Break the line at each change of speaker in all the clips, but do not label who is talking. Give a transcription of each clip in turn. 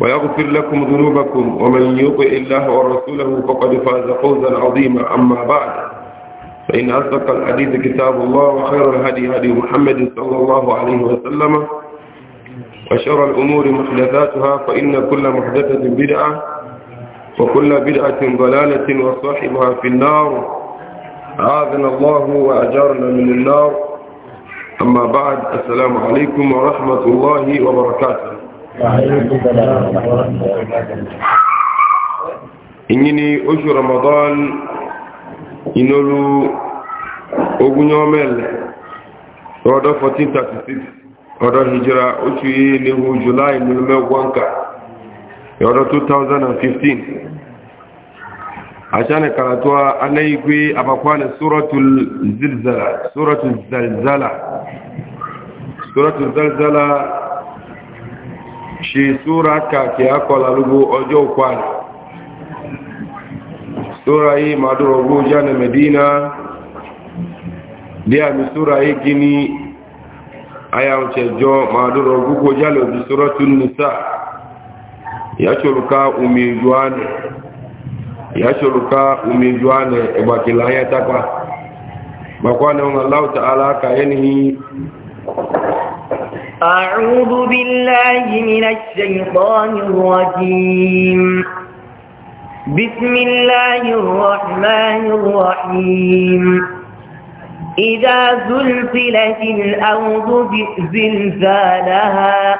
ويغفر لكم ذنوبكم ومن يطع الله ورسوله فقد فاز فوزا عظيما أما بعد فإن أصدق الحديث كتاب الله وخير الهدي هدي محمد صلى الله عليه وسلم وشر الأمور محدثاتها فإن كل محدثة بدعة وكل بدعة ضلالة وصاحبها في النار أعاذنا الله وأجارنا من النار أما بعد السلام عليكم ورحمة الله وبركاته ìyíní oṣù ramadan inolu ogunyomel ọdọ 1436 ọdọ hijira oṣù yìí níhu july nílu mẹ́wọ́nka ọdọ 2015 aṣáni karatuwa anáyígbé abakwani suratul zilzala suratul zalzala suratul zalzala ṣe súra kàkì akọlà lógó ọjọ́ òkwàrí súra yìí madúrọ̀gbó jáde medina bí àmì súra yìí gini ayàwùnṣẹ̀jọ madúrọ̀gbó jáde òbí súra tún nìsá yàṣọ́lùká omi ìjọ́ánì yàṣọ́lùká omi ìjọ́ánì ẹgbàkìlá ayẹ́tàkà bàkwá ni wọn aláwùta alákàáyẹ́ ni
أعوذ بالله من الشيطان الرجيم بسم الله الرحمن الرحيم إذا زلزلت الأرض زلزالها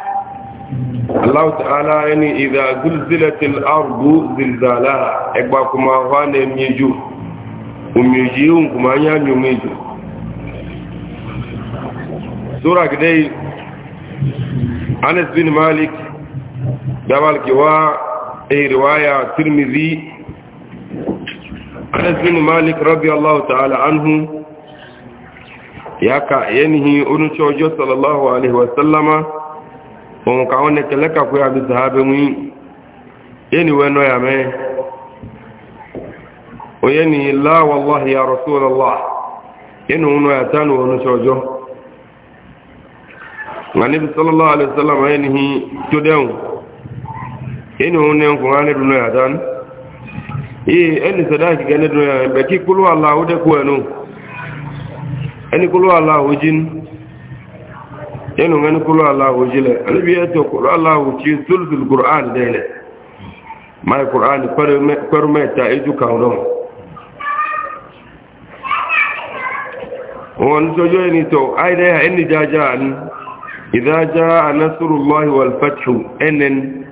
الله تعالى يعني إذا زلزلت الأرض زلزالها إقباكما غانا ميجو وميجيون كما يميجو سورة كده anas bin malik dabal ki wa e riwaya tirmidhi anas bin malik radiyallahu ta'ala anhu yaka yanhi unu chojo sallallahu alaihi wasallama on ka one keleka ko ya bisahabe mu yeni weno ya me o yeni la wallahi ya rasulullah yenu unu ya tanu unu chojo anibi sallallahu alaihi wasallam ainihi to deun eni hun ne ko ale dunu ya dan e eni sadaki gane dunu ya be ki kulu allah o de ko enu eni kulu allah o jin enu ngani kulu allah o jile anibi ya to kulu allah o ji sulul qur'an dele mai qur'an perme perme ta eju kawdon won sojo eni to aide eni jaja ni إذا جاء نصر الله والفتح أنن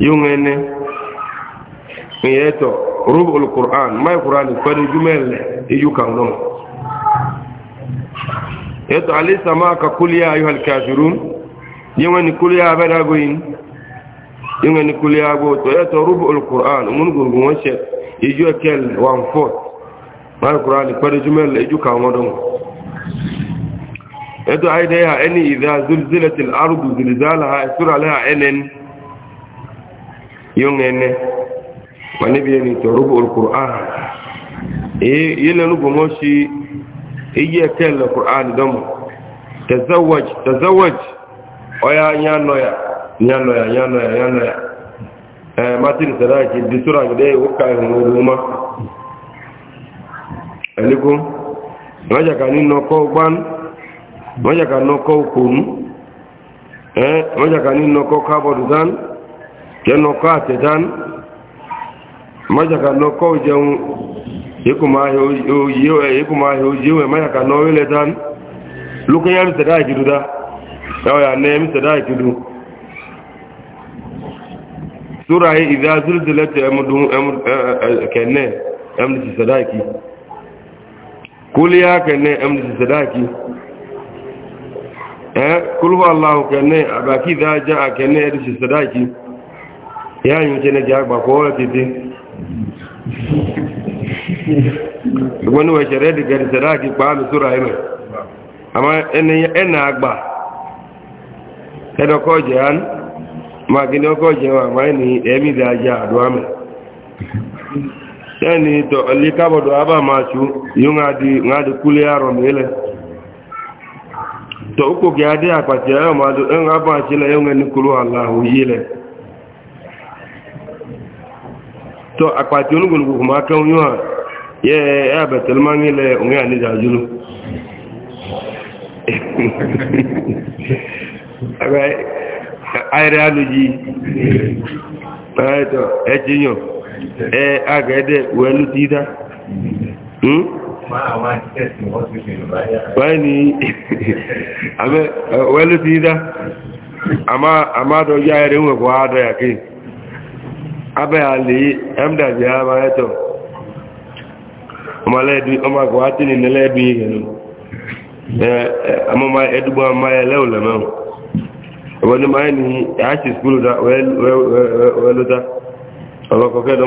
يونن يأتي ربع القرآن ما القرآن فان جمل يجوك عنهم يأتي أليس معك قل يا أيها الكافرون يونن قل يا أبدا قوين يونن قل يا أبوت يأتي ربع القرآن من قل يجوا يجوك وانفوت ما القرآن فان جمل يجوك عنهم eto ai da ya ani idza zulzilat al ardu zilzalaha sura laha enen yong ene wani bi ni to rubu al qur'an e yele nu gomo shi iye kel al qur'an dom tazawwaj tazawwaj oya nyano ya nyano ya nyano ya nyano ya eh matin sadaki bi sura gide wuka e nguluma alikum raja kanino ko ban mọ́jàká nọ́kọ́ òkòrú mọ́jàká ní nọ́kọ́ kábọ̀dù dán kẹ́ nọ́kọ́ àtẹ̀ dán mọ́jàká nọ́kọ́ òjẹun ikùnmá ahẹ́ òjẹun mọ́jàká nọ́wẹ́lẹ̀ dán lókè yá mítẹ̀dá ìkìdú dá yàwó yà nẹ́ mítẹ̀dá ìkìdú sóra yìí ìdá zúrùdìlẹ́tẹ̀ ẹmùdún kẹ́ẹ̀ẹ́ ẹmùdìsẹ̀dá ìkì kúlíyà kẹ́ẹ̀ẹ́ ẹmùdìsẹ̀dá ìkì eh kulhu allah kene abaki da ja kene edi si sadaki ya yin kene ja gba ko titi wani wa shere di gari sadaki pa mi sura ime ama ene ene agba edo ko je an ma gini ko je wa ma ni emi da ja adwa me yani to ali kabodo aba ma chu yunga di ngadi kule yaro mele dọ̀ọ́kò kí a dé ya ya máa dùn ẹ̀rọ bá ṣílẹ̀ ẹ̀rọ ní a aláhù yí ya tọ́ àpàtì olúgbòlùgbò máa kẹ́hún yóò ya ya ẹ̀ àbẹ̀tẹ̀lẹ́ ya ń ilẹ̀
báyìí ni
wẹ́lú ti dá a máa dọ̀ yá ẹ̀rẹ́ ìwọ̀n kò ádọ́ yà kí abẹ́ àlè ẹ̀mdàjì àmà ẹ̀tọ̀ ọmọ àgbà wá tí ní nílẹ́ẹ̀bí ìhẹ̀nù amọ́mọ́ ẹ̀dúgbọ́ àmà ẹ̀lẹ́ọ̀lẹ̀ mẹ́rin ọ̀bọ̀n ni máa ní àṣì skúlù wẹ́lú dá ọlọ́kọ̀ọ́kẹ́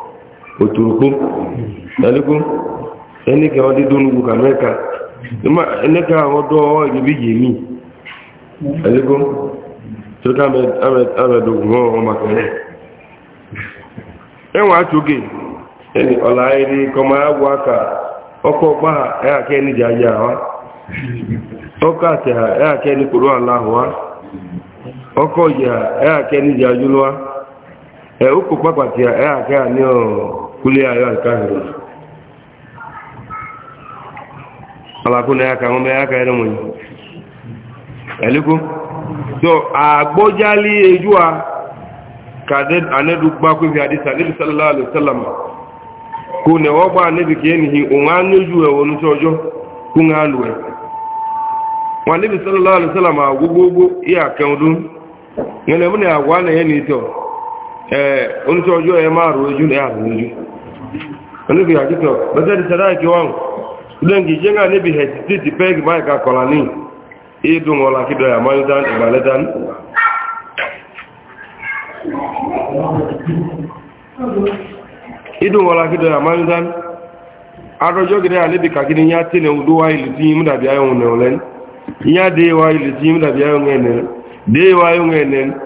òtùrùkú ẹlẹ́kú ẹnìkẹ́ ọdí dónúgbù kàmẹ́ka ẹnìkẹ́ ọdọ́ ìbí yèmí ẹlẹ́kú tó ká mẹ́dọ̀gùn ọmọ màkàrẹ́ ẹwọ̀n àtúgè ẹni ọ̀là ayẹ́rí kọmọ àwọ̀ aka ọkọ̀ gbáhà ẹ̀hàkẹ́ ẹni wa ọkọ̀ àtẹ̀hà ẹni kòrò àláhùwá ọkọ̀ ẹni ẹ ó kó a ẹ àkẹ́ àní ọ̀kúlé ayọ́ àkáhìrì alákùnrin ẹ̀ka wọn bẹ́ẹ̀ ẹ̀ka ẹ̀rọ wọ̀nyí ẹ̀lẹ́kọ́ tó àgbọ́jálí ejú a kàdé anẹ́dùgbà pé àdísà níbi sálọ́lá àlùsálàmà kò ní ọwọ́ gbà níbi kí ẹnìyí òun á níjú ẹ̀ wọnú sí ọjọ́ kó á lù ẹ̀ wọn níbi sálọ́lá àlùsálàmà gbogbogbò ìyà kẹun dún ni àwọn ní Eh, oníṣẹ́ ọjọ́ ẹ máa rò ojú ẹ̀ àrùn ojú oníbi àjíkọ̀ bẹ́sẹ̀dì sẹ́dáìkì wọ́n lẹ́ngì jẹ́ngà níbi hẹ̀sìtìtì pẹ́ẹ̀gì máa kọ̀lá ní ìdùn ọ̀la ìgbàlẹ́dán ìdùn àníbi kàkiri yá tẹ́lẹ̀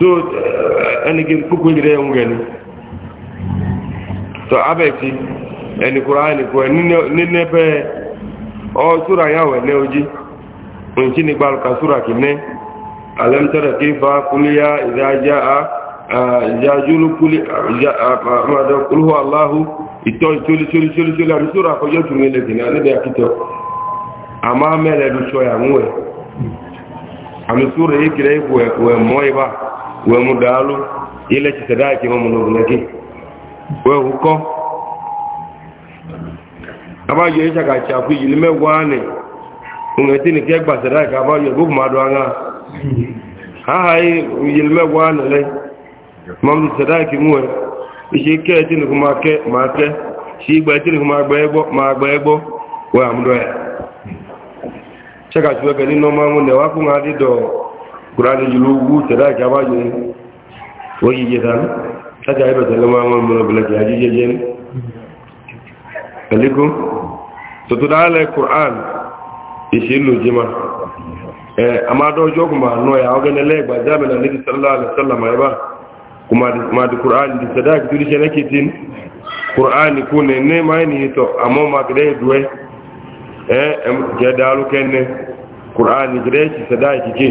so eh, ẹnìkí púpọ̀ ìrẹ́ ẹ̀hún gẹ̀ẹ́ni so abẹ́ẹ̀tí ẹnìkúrá ẹnìkú ẹ̀ nínẹ́bẹ́ ọ súra yàwó ẹ̀ lẹ́ojí òǹtí nígbà lùkà súra kì ní alẹ́mtẹ́rẹ̀ kí fa kúlíyà ìdájá wẹ̀mú dàálù ilẹ̀ ti tẹ̀dá ìkí wọn múlò lẹ́kí wẹ̀hù kọ́ abájọ ìṣàkà àṣàkú ìyìlú mẹ́wàá nì ohun ẹ̀tí ní kẹgbà tẹ̀dá ìkà abájọ gbogbo máa dọ́ ara háhà ìyìlú mẹ́wàá nì lẹ́ mọ́mú tẹ̀dá ìkí mú ẹ iṣẹ́ kẹ́ ẹ̀tí ní kó máa kẹ́ ṣe ìgbà ẹ̀tí máa gbẹ́ wẹ́ àmúdọ́ ẹ̀ nínú ọmọ kurani yìlú wú tẹ̀lá ìjábá yẹ wọ́n yìí yẹ dánú láti àyẹ̀bẹ̀ tẹ̀lé máa ń mọ̀ bẹ̀lẹ̀ jẹ́ ayé yẹ yẹn ẹ̀lẹ́kọ́ tòtòdá alẹ́ kuran ìṣe ń lò jìmá ẹ̀ amádọ́jọ́ kò máa nọ ẹ̀ àwọn gẹ́gẹ́ lẹ́gbà jábẹ̀ náà níbi sallá alẹ́ sallá máa yẹ bá kò máa di kuran di sẹ́dá kìtú ní sẹ́lẹ̀ kìtín kuran kò ní ní máa ní ìtọ̀ àmọ́ máa kìdẹ́ ìdúẹ́ ẹ̀ jẹ́ dàálù kẹ́ni kuran kìdẹ́ ìṣẹ̀dá ìkìkì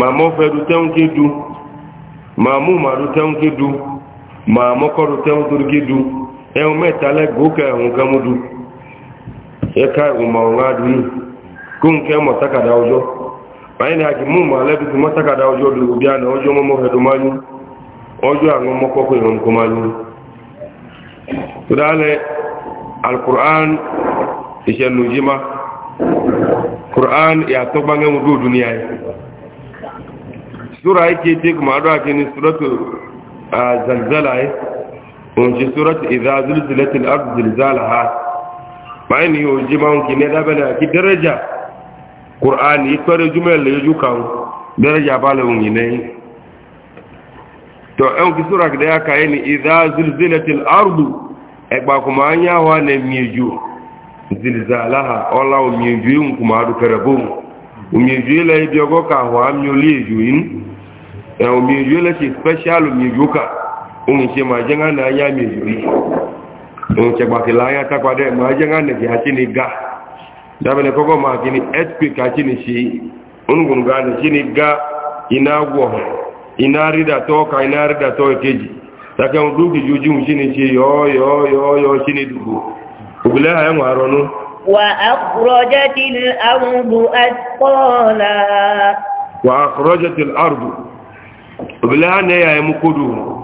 màmú fẹ́ du tẹ́hún ké du màmú màdú tẹ́hún ké du màmú kọ́du tẹ́hún tó ke du ẹ̀hún mẹ́ta lẹ́ gòkè ẹ̀hún kẹ́mú du ẹ̀ka ẹ̀hún màwọn ŋá du yìí kó ń kẹ́ mọ̀ sákàdá ọjọ́ báyìí ni du du alukur'an kur'an sura yake ce kuma addu'a ke ne suratu zalzala yi onse suratu idza zulzilat al-ard zilzalaha bayan yi oji ma onke ne da bana ki daraja qur'ani tore jumel le ju kan daraja bala un ne to en ki sura da ya kai ni idza zulzilat al-ard egba kuma anya wa ne mieju zilzalaha ola o mieju kuma adu karabun òmìnirú ilẹ̀ ibi ọgọ́ ka àwọn àmì olí èjò inú òmìnirú ilẹ̀ ti special òmìnirú ka ohun ṣe máa jẹ́ ńlá ayá mi èjò yìí ohun ṣe gbàkìlá ayá tápadà máa jẹ́ ńlá nìkì àti ní ga dábẹ̀lẹ̀ kọ́kọ́ máa kí ni earthquake àti ní ṣe onígbòǹgà ní ṣe ní ga iná wọ̀ iná rídà tọ́ ka iná rídà tọ́ ìkejì takẹ́ ohun dúkìjú ojú ṣe ní ṣe yọ́ yọ́ yọ́ ṣe ní dùgbò òbílẹ̀ àyẹ̀wò àrọ́nú
وأخرجت الأرض أثقالها
وأخرجت الأرض بلان يا مكدو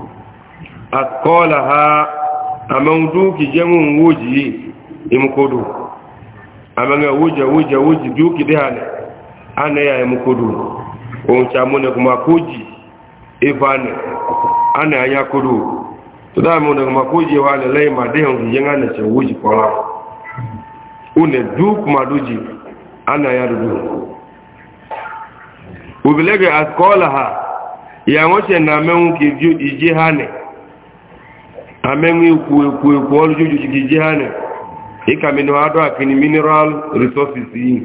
أثقالها أمودوك جمع وجهي يمكدو أما وجه وجه وجه دوك دهان أنا يا مكدو ونشامونك ما كوجي إفاني أنا يا كدو تدامونك ما كوجي وعلى ليما دهان جنان سوجي فلاح une duk maduji ana yardu ubilege askola askolaha yangoche na amenwu kiju ijihane amenwu ikwu ekwu ekwu olu juju ijihane ikamino ado akini mineral resources yi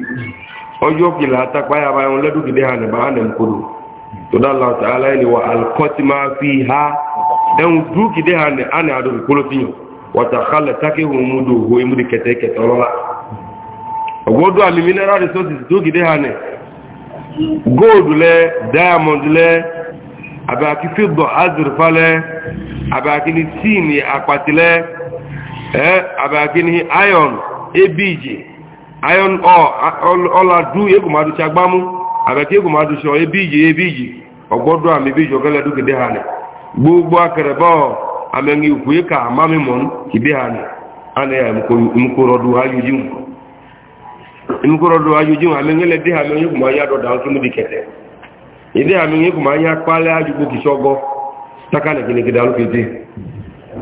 ojo kila kwa ya bayan ledu gide hane ba hane mkuru toda allah ta'ala ni wa alqatima fiha en duk gide hane ana ado kulo tinyo wàtàkàlẹ̀ tákì wọn mú do òhò ìmúdi kẹtẹkẹtẹ ọlọ́lá ọgbọ́dọ̀ àmì mineral resources tó gìdé hànì gold lẹ diamond lẹ àbẹ̀kí fíbọ̀ azurfa lẹ àbẹ̀kí ni tin àpàtì lẹ àbẹ̀kí ni iron abg iron ore ọlá dú ekùnmádù ṣagbámú àbẹ̀kí ekùnmádù ṣọ abg abg ọgbọ́dọ̀ àmì bíjọ kẹlẹ̀ dúgìdé gbogbo akẹrẹbọ́ọ̀ amengi kuweka amame mon kibehani ane ya mkuro duha yujim mkuro duha yujim amengi le diha amengi kumanya do dao sumu dikete ide amengi kumanya kwale ajubu kishogo takane kini kidalu kiti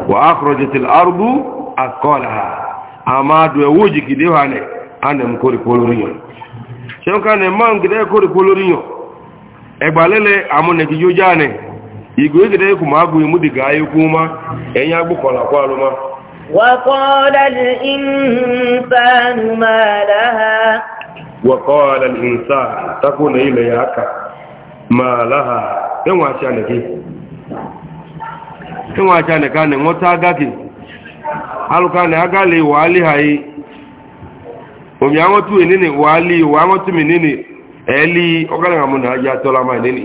wa akhrojitil ardu akolaha ama duwe uji kidehane ane mkuri polurinyo chenka ne mangi kidehane kuri polurinyo ebalele amone kijujane igwe gede ku ma agụ imu dị ga ayị kwuma enye agbụkọla kwa alụma
وقال الإنسان ما لها
وقال الإنسان تكون إلي أكا ما لها إنوا أشانك إنوا أشانك أنا موتا أغاكي هل كان أغالي وعلي هاي ومي أموتو إنيني وعلي وأموتو منيني ẹ̀ẹ́lì ọgọ́rùn-ún àmúnà ajá tọ́lá máa nínú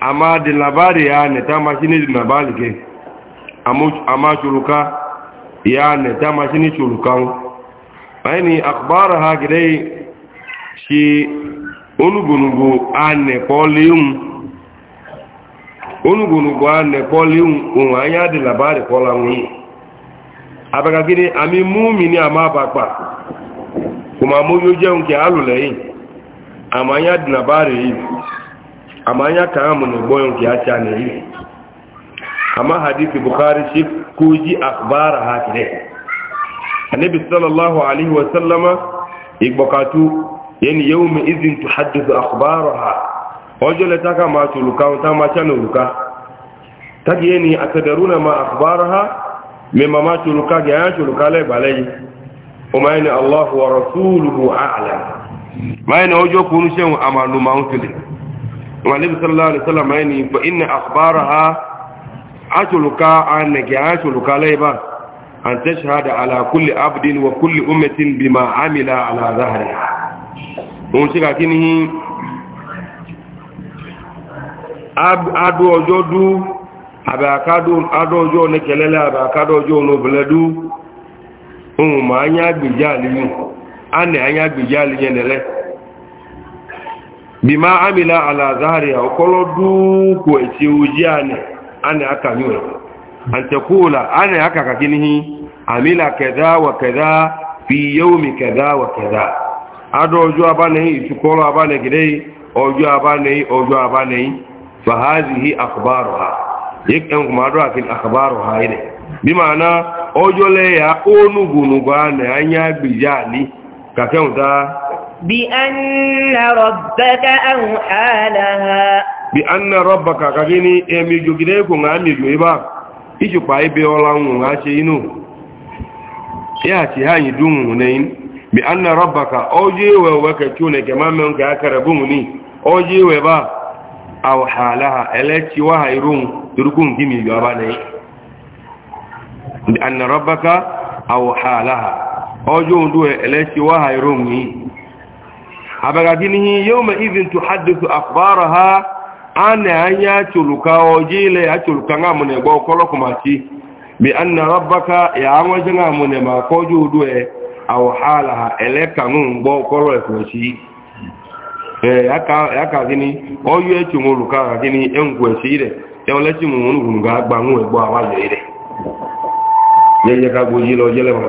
amma da labari ya ne ta mashini da labari ke amma shuruka ya ne ta mashini shurukan bayani akbara ha gidai shi onugunugu a ne koliyun onugunugu a ne koliyun ohun anya da labari kolawun abaka gidi ami mumi ni a ma kuma mo yo jẹun kí a lò lẹ́yìn da labari yìí amma ya kawo mu ne boyon ki acha ne yi amma hadisi bukhari shi kuji akhbara hakire annabi sallallahu alaihi wa sallama igbokatu yani yawmi idhin tuhaddithu akhbaraha wajala taka ma tuluka ta ma chana luka taki yani atadaruna ma akhbaraha mimma ma tuluka ga ya tuluka lai balai kuma allah wa rasuluhu a'lam ma ojo kunu shen amanu ma'utul wàlẹ́bí sallallahu alaihi wasallam ayi ni fa inna akhbara ha asoluka an nage asoluka laiba an ta shahada ala kulli abdin wa kulli ummatin bima amila ala zahari ohun ṣe kàkí ní adó ọjọ́ dú àbẹ̀ àkádó ọjọ́ nẹ́kẹ̀lẹ́lẹ́ àbẹ̀ àkádó ọjọ́ onóbìnlẹ́dú ma anya gbèjá àlìyàn bima amila ala zahariha okolo duku eti ujiane ane akanywe antakula ane aka kakinihi amila kadha wa kadha fi yawmi kadha wa kadha ado ojo abane itukolo abane gidei ojo abane ojo abane fa hadhihi akhbaruha yekan kuma ado akin akhbaruha ile bimaana ojo le ya onugunugu
بأن ربك أوحى لها
بأن ربك كغني أمي جوجينيكو غامي جويبا إيشو باي بيولا غاشي إنو ياتي هاي دوم هنين بأن ربك أوجي ووكتوني كما من كاكربوني أوجي وبا أوحى لها إلتي وهايرون تركون كيمي جواباني بأن ربك أوحى لها أوجي وندوه إلتي وهايرون abagadinihi yawma idhin tuhaddithu ha ana anya chuluka ojile a ngamune gbo ci bi anna rabbaka ya anwaje ngamune ma koju udwe aw halaha eleka ngbo kolo e, ya eh aka aka gini oyu echumuluka gini engwechire eolechi munu gunu ga agba nwe gbo awayo ire yeye ka gbo yilo jele mo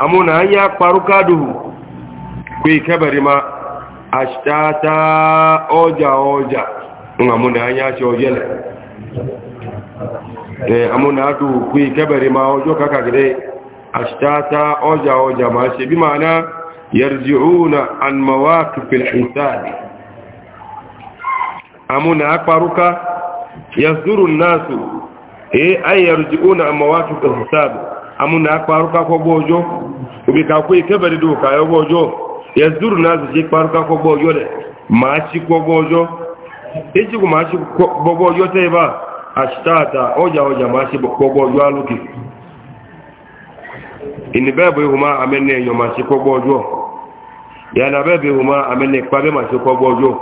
amuna an ya kparu kaduhu kwe kebari ma ashtata oja oja in amuna an ya ce ojele eh amuna aduhu kwe kebari ma ojo kaka gide ashtata oja oja ma ṣe bi ma'ana yarji'una an mawaqifil hisabi amuna akparuka yasduru an-nasu eh ay yarji'una an mawaqifil hisabi amụna akparụkakwọgba ọjọọ obi ka ike ikeberede ka ya ọgba o ya zuru na azụji kparụkakwọgba ọjọọ dị ma chikwọgba ọjọọ ijikwu ma chikwọgba ọjọọ ta ebe a achịtata ọja ọja ma chikwọgba ọjọọ alụghị ìnìbẹ́ bụ ihuma amẹ́nà èèyàn ma chikwọgba na ma chikwọgba ọjọọ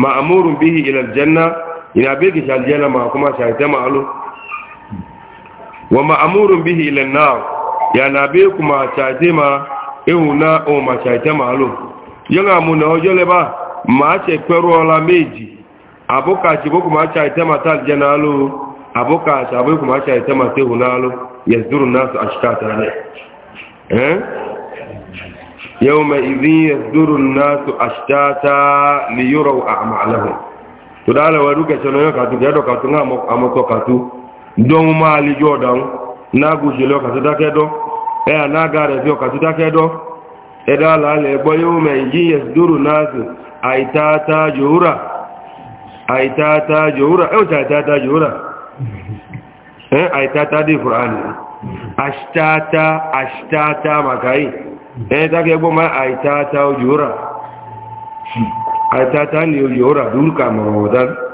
ma amúrùn ma ma wa ma'amurun bihi ilan na ya na be kuma caje ma ihun na ohun ma caje ma lo yana mu na ojo le ba ma ce kwero ola meji abuka ci bo kuma caje ma ta aljana lo abuka ci abu kuma caje ma ta ihun na lo ya zuru nasu a shika ta ne eh yau mai izin ya zuru nasu a shika ta liyurau a amalahun to da alawa duka ce na yau katu ya doka dɔn maa li jɔ dan n'a gosili o ka tuta kɛ dɔ ɛ a n'a gaara fi o ka tuta kɛ dɔ ɛ da la lɛ gbɔ yewu mɛ yi yɛs duuru n'a se a yi taa taa johura a yi taa taa johura ɛ o ti a taa taa johura ɛ eh, a taa taa di fura eh, ni a si taa taa a si taa taa ma yi ɛ ta kɛ gbɔ ma taa taa johura a taa taa ni johura duuru k'a ma wɔ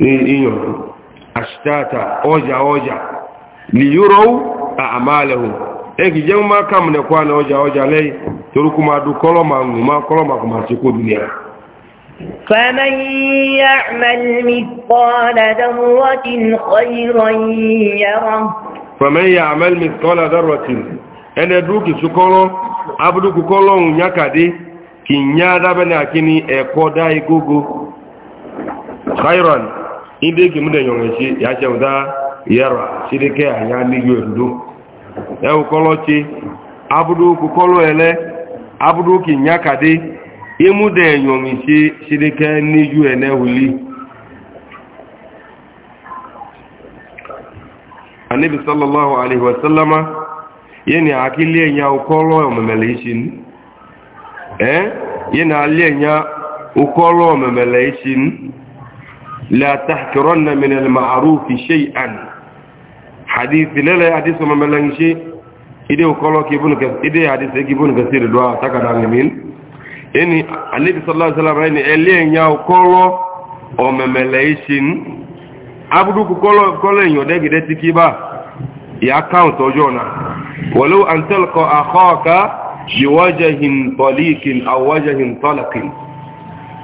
iyon ashtata oja oja liyurau a amalahum eki jẹun ma kam ne kwa na oja oja kuma du kọlọma nguma kọlọma kuma ti kó
فمن يعمل مثقال ذرة خيرا يره
فمن يعمل مثقال ذرة أنا دوك سكولو أبدو كولو نكادي كي نيادا akini khairan inde ki mudan yon shi ya ce da yara shi de ke anya ni yondo e o kolo chi abudu ku kolo ele abudu ki nyakade imudan yon shi shi de ke ni yu ene huli annabi sallallahu alaihi wasallama yeni akili enya ukolo omemele ishin eh yeni ali enya ukolo omemele ishin لا تحكرن من المعروف شيئا حديث لا لا حديث ما ملان شيء إذا وقالوا كيبون كس إذا حديث كيبون كسير دعاء تكنا نمين إني النبي صلى الله عليه وسلم إني إلين يا وقالوا أو مملايشين abudu kukolo kolo yin ode gide ti kiba ya account ojo na walau an talqa akhaka biwajhin taliqin aw wajhin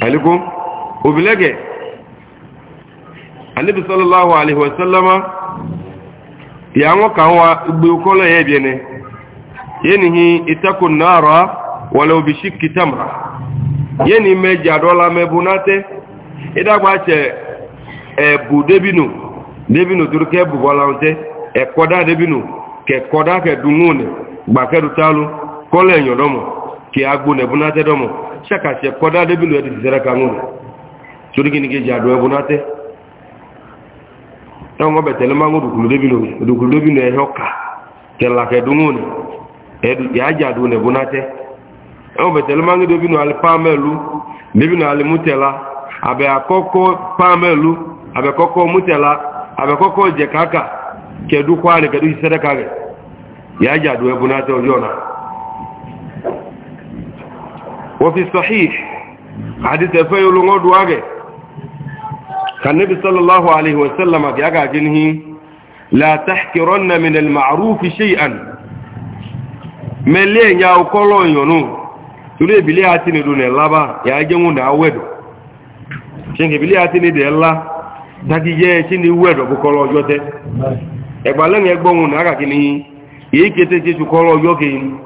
alikum obilege anibi sallallahu alaihi wasallama ya wọn kan wa igbe ukọlọ ya ebi ne yenihi itakun nara wala obishi kitamra yeni meji adola mebunate idagba ce ebu debinu debinu turke ebu bọlaunte ekoda debinu kekoda kedunune gbakedu talu kọlọ enyodomo ke agbo nebunate domo ṣàkàṣẹ kọ́dá débìlú ẹ̀ ti ṣiṣẹ́ kan wọn sórí kí ni kejì àdó ẹbùn náà tẹ́ ẹwọn ọbẹ̀ tẹ̀lé máa ń dùkùlù débìlú dùkùlù débìlú ẹ̀ ọkà kẹlàkẹ̀dúnwòn yàájà àdó ẹbùn náà tẹ́ ẹwọn ọbẹ̀ tẹ̀lé máa ń débìlú alẹ́ pàmẹ́lú débìlú alẹ́ mútẹ̀lá abẹ́ àkọ́kọ́ pàmẹ́lú abẹ́ kọ́kọ́ mútẹ̀lá abẹ́ kọ́kọ́ jẹ̀káka kẹ̀dú kwari kẹ̀dú ṣiṣẹ́ وفي الصحيح حديث فيل غد واجه كان النبي صلى الله عليه وسلم يقع جنه لا تحكرن من المعروف شيئا ملين يا وكلون ينو تري بلي اتني دون لبا يا جمو نا ودو شينك بلي اتني دي الله داكي جي شيني ودو بكولو جوته اغبالن اغبون نا يي يكيتي تشو كولو يوكين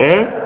ها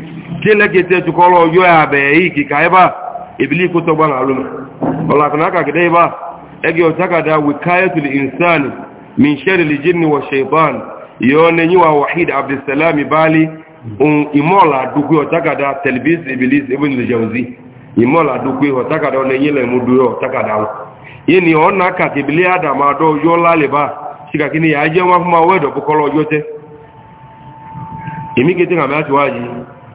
kele kete tukolo yo ya be iki kaiba ibili kuto bana aluma wala kana ka kide ba ege otaka da wikayatul insani min sharri aljinni wa shaytan yone nyiwa wahid abdussalam bali un imola otaka da talbis iblis imola duku otaka da one yele mudu otaka da yeni ona ka kibili adam ado yo sika kini ya je wa fuma yote imi kete ngama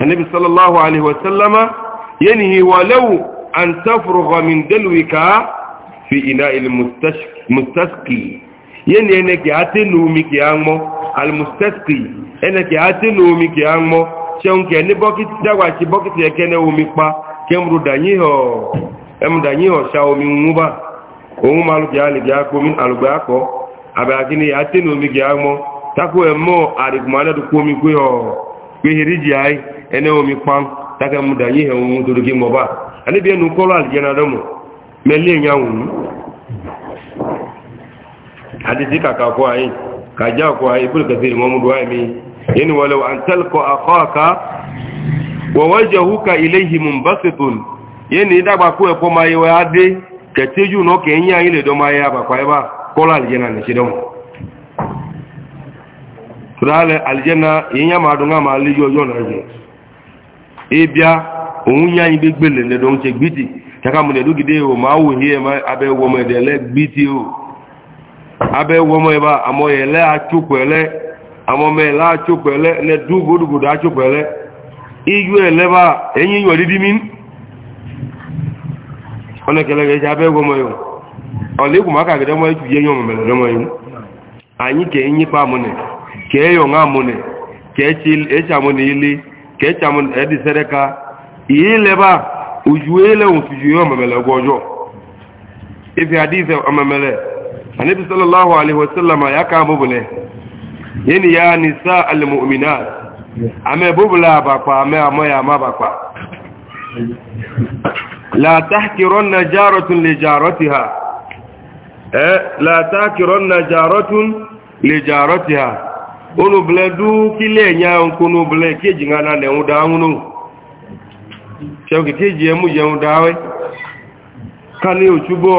النبي صلى الله عليه وسلم ينهي ولو أن تفرغ من دلوك في إناء المستسقي ينهي أنك أتنومك يا المستسقي أنك أتنومك يا أمو شونك أني بوكت دواشي بوكت يكين أومك با كمرو دانيهو أم دانيه شاومي موبا ohun ma lùkì جاكو من mi alùgbé akọ àbẹ̀kí ni àtẹnumí kì á mọ́ tako ẹ̀mọ́ àrìkùnmọ́ anẹ́dùkú omi pé ọ̀ ene omi kpam taka mu da yi hewu mu durugi mo ba ani bi enu kolo aljana domo me le nya wu hadisi ka ka ko ai ka ja ko ai bul kasir mo mu do ai mi yani walau an talqa akhaka wa wajhuka ilayhi munbasitun yani da ba ko ko mai wa ade keteju no ke nya ile do ya aba kwa ba kolo aljana ni shidomo Turale aljanna yinya madunga mali yo yo na je. ịbịa onwunye anyị gbegbele ledo nche gbiti chaka m na-edugide ewo ma abe gbiti o abegwo m ebe a amụghị ele achụkwele amụma ele achụkwele nedugodugodo achụkwele iyu eleba enyi yi oriri ekele gị kecha m edisere ka ihe ileba uju ele nsuju ihe omemele gwa ọjọọ ifi hadithi omemele anabi sallallahu alaihi wasallam ya ka bubule yin ya nisa almu'minat ame bubula bakwa ame amoya ma bakwa la tahkiranna jaratun li jaratiha eh la tahkiranna jaratun li jaratiha onubile du kile nya nkunu bile keji ngana ne uda ngunu cheo keji emu je udawe kani ochubo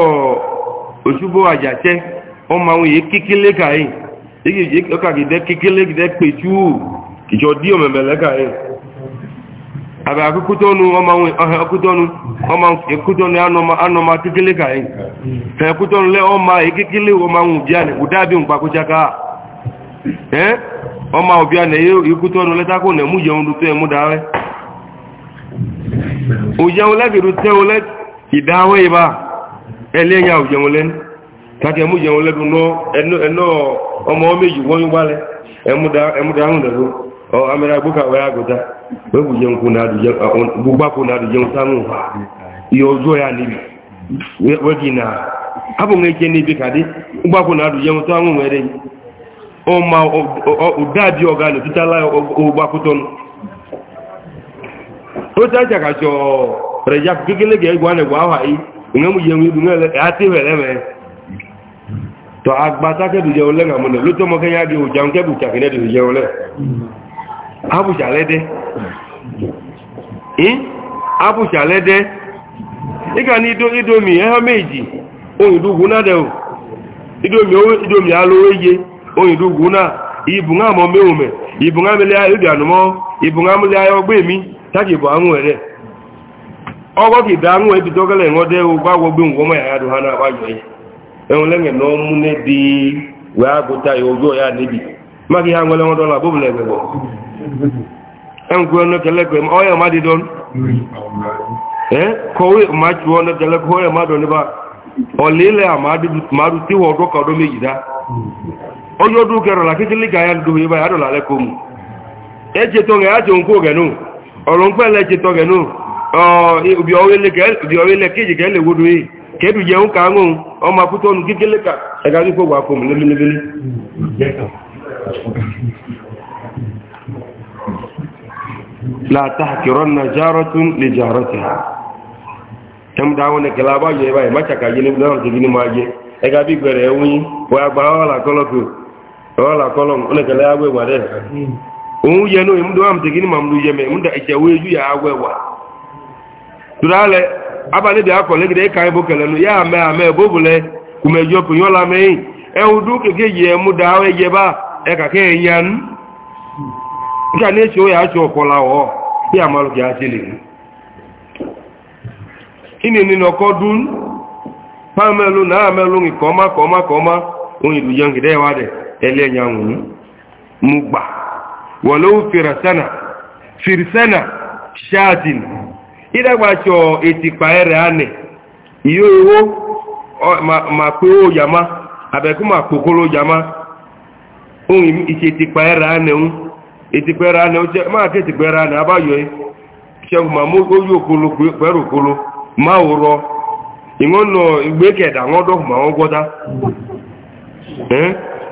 ochubo ajate o ma won ye kikile kai igi je ka gide kikile gide peju ijo di o memele kai aba akutonu o ma won akutonu o ma akutonu anu ma anu ma kikile kai fe akutonu le o ma ikikile o ma won bi ani udabi npa ko jaka ee eh? ọma ọbịa na ihe ikwute ọnụ leta na emuje nru te mụ dawe ujenwule gị rute ule idawe ịba ele nya ujenwule ka ka emujenwule gị ọma omeji wonye gbalị ahụ wee agụta wee na adujenwuta nwụ ihe ya n'ibi wee gị na n'ibi ka dị mgbakwu na adujenwuta nwụ nwere ọma ụdadị ọga na otitala ụgbakụtọn otu aja ka chọ rejak kekele ga egwu anagwa aha i nwe m ihe nwe ibu nwele ati wele mee tọ agbata kedu je ole na mụna lote mọ kenya gị ụja nke bụcha kene dị je ole abụchalede abụchalede ị ga na ido idomi ehe meji onye dugwu na dewo idomi alụ oye onye dugwu na ibu nga ma omeume ibu nga mele aya obi anụmọ ibu mele ọgbọ emi taki bụ anwụ were ọgwọ ka ibe anwụ ebido gala enwode ụgwọ agwọgbe ngwọ ma ya ha na-agba yọ ya enwele na wee agụta ya ogo ya na-ebi maka ihe nwere ọla bụbụla egbegbo enwekwe ọnụ kelekwe ọya ma e, kọwe ma chụọ ọya ọla ile a ma adịbu onye odu kẹrọ e e la kekele líka e ya dùn ibà yàdùn lálẹ́ kó mu ọrụ rẹ̀ àti òǹkó rẹ̀ nù ọ̀rọ̀ ka pẹ̀lẹ̀ ẹ̀chẹ̀tọ́ rẹ̀ nù ọ̀bí ọ̀rẹ́lẹ̀ ka kẹ́ lè wódò yìí kẹ́dù jẹun kàánù ọmọ akútó nù kíkí líka ẹ̀ka kíkó wà fún mi lébélébélé láta kìrọ̀ na ọ̀la kọlọm ọ̀nàkẹlẹ awọ ẹwà rẹ òun yẹ náà èmúdọ́ àmì tẹ̀kí ní màmúlù yẹ mẹ́ múdà ìṣẹ̀wé yà tura yà la mẹ́yìn ẹ̀hùn dún kéke yẹ múdà awọ ẹ̀yẹ bá ẹ̀ kàkẹ́ ẹ̀yanu nígbà ní èsì oyè aṣọ ọ̀kọ̀la wọ̀ bí àmàlùkì aṣẹ lè mú. ìní nínú ọkọ̀ dún pàmẹ́lú yẹn ẹlẹ́yà wùnú mú gbà wọ́n ló fìrìsánà fìrìsánà ṣáàtìn ìdàgbàṣọ ètìpà ẹ̀rẹ̀ ánẹ̀ ìyó owó ma pé ó yàmá àbẹ̀kú ma kòkòrò yàmá ohun ìṣe ètìpà ẹ̀rẹ̀ ánẹ̀ ń ètìpà ẹ̀rẹ̀ ánẹ̀ ń máa ké ètìpà ẹ̀rẹ̀ ma mú ó kolo kolo rọ nọ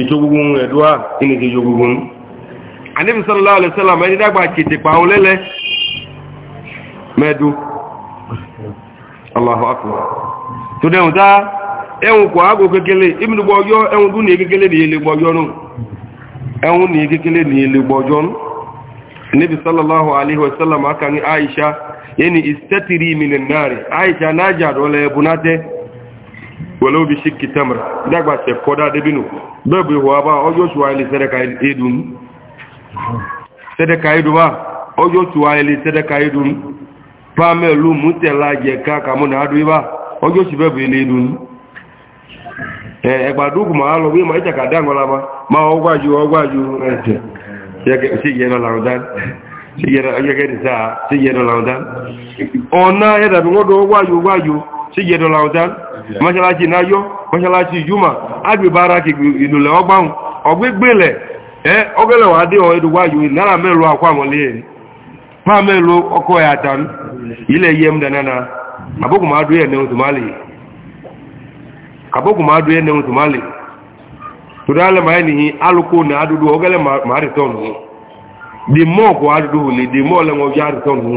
ìjogungun ẹ̀dùá ìnìkì ìjogungun anẹ́bí sọ́lọ́lá alẹ́sọ́lá mẹ́rin dágbà kìtì pàwọn lẹ́lẹ́ mẹ́dù aláhọ́ akọ̀ tó dẹ̀hùn tá ẹ̀hùn kò ágò kékeré ìmìnigbọ̀ọ́yọ́ ẹ̀hùn dún ní kékeré ní ilé gbọ́ọ́yọ́ wẹ̀lẹ́ òbí ṣíkì tẹ́mìrì dágbàṣẹ̀ kọ́dá débínú bẹ́ẹ̀bù ihò àbá ọjọ́ ṣùwà ilé sẹ́dẹ̀ka ìdùn sẹ́dẹ̀ka ìdùn bá ọjọ́ ṣùwà ilé sẹ́dẹ̀ka ìdùn pàmẹ́lú mútẹ̀lá jẹ̀ká kàmúnà àdúrí bá ọjọ́ ṣù bẹ́ẹ̀bù ilé ìdùn ẹgbàdúkù máa lọ wí máa ìjàkà dáńgọ́lá bá máa ọgbàjú ọgbàjú síje dọ́là ọ̀tán mọ́ṣálásí náyọ́ mọ́ṣálásí ìjúmà agbèbára ìdòlẹ̀ ọgbáhùn ọgbẹ́gbẹ̀lẹ̀ ẹ́ ọgbẹ́lẹ̀ wà dé ọ̀rọ̀ ìdòwà yìí lára mẹ́lò àkọ́ àmọ́lé ẹ̀rí pa mẹ́lò ọkọ̀ ẹ̀ àtàn ilẹ̀ yẹm danana àbókùnmáàdó ẹ̀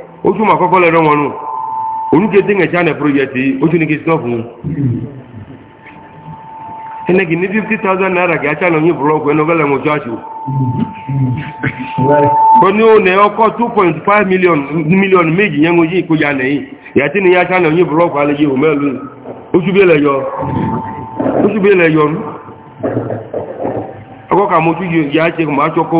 ojú ma kọ́kọ́ lẹ́rọ wọn nù oníkété ń ẹ̀chánẹ̀ pírọ̀jẹ̀tì ojú ní kí stọ́ọ̀fù wọn ẹnẹ́gì ní 50,000 naira kì á chánà yí búrọ́kù ẹnọ́gọ́lẹ̀ wọn ṣáṣù kò ní ó nẹ ọkọ̀ 2.5 million méjì yẹn ojú ìkójà nẹ̀yìn ìyàtí ni yá chánà yí búrọ́kù alẹ́yẹ òmẹ́lú ojú bí ẹlẹ́yọ ọkọ̀ kà mọ́ ojú yá ṣe kò máa ṣọkọ́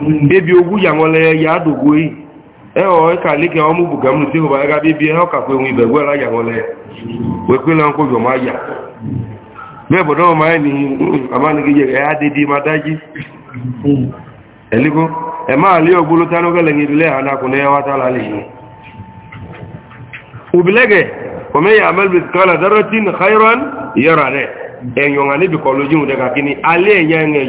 ndebi ogwu ya nwele ya adogwe eho e ka leke ọmụ bụ ga m rute hụba ga bibie ha ọka kwenwe ibe gwela ya nwele wekwela nkwụgị ma ya mee obodo ma ya na amanịghị ye ya adịdị madaji eligo ema ali ogbulu ana kuna ya ubilege kome ya amal kala daratin khairan yara ne en yonga kini ali en ya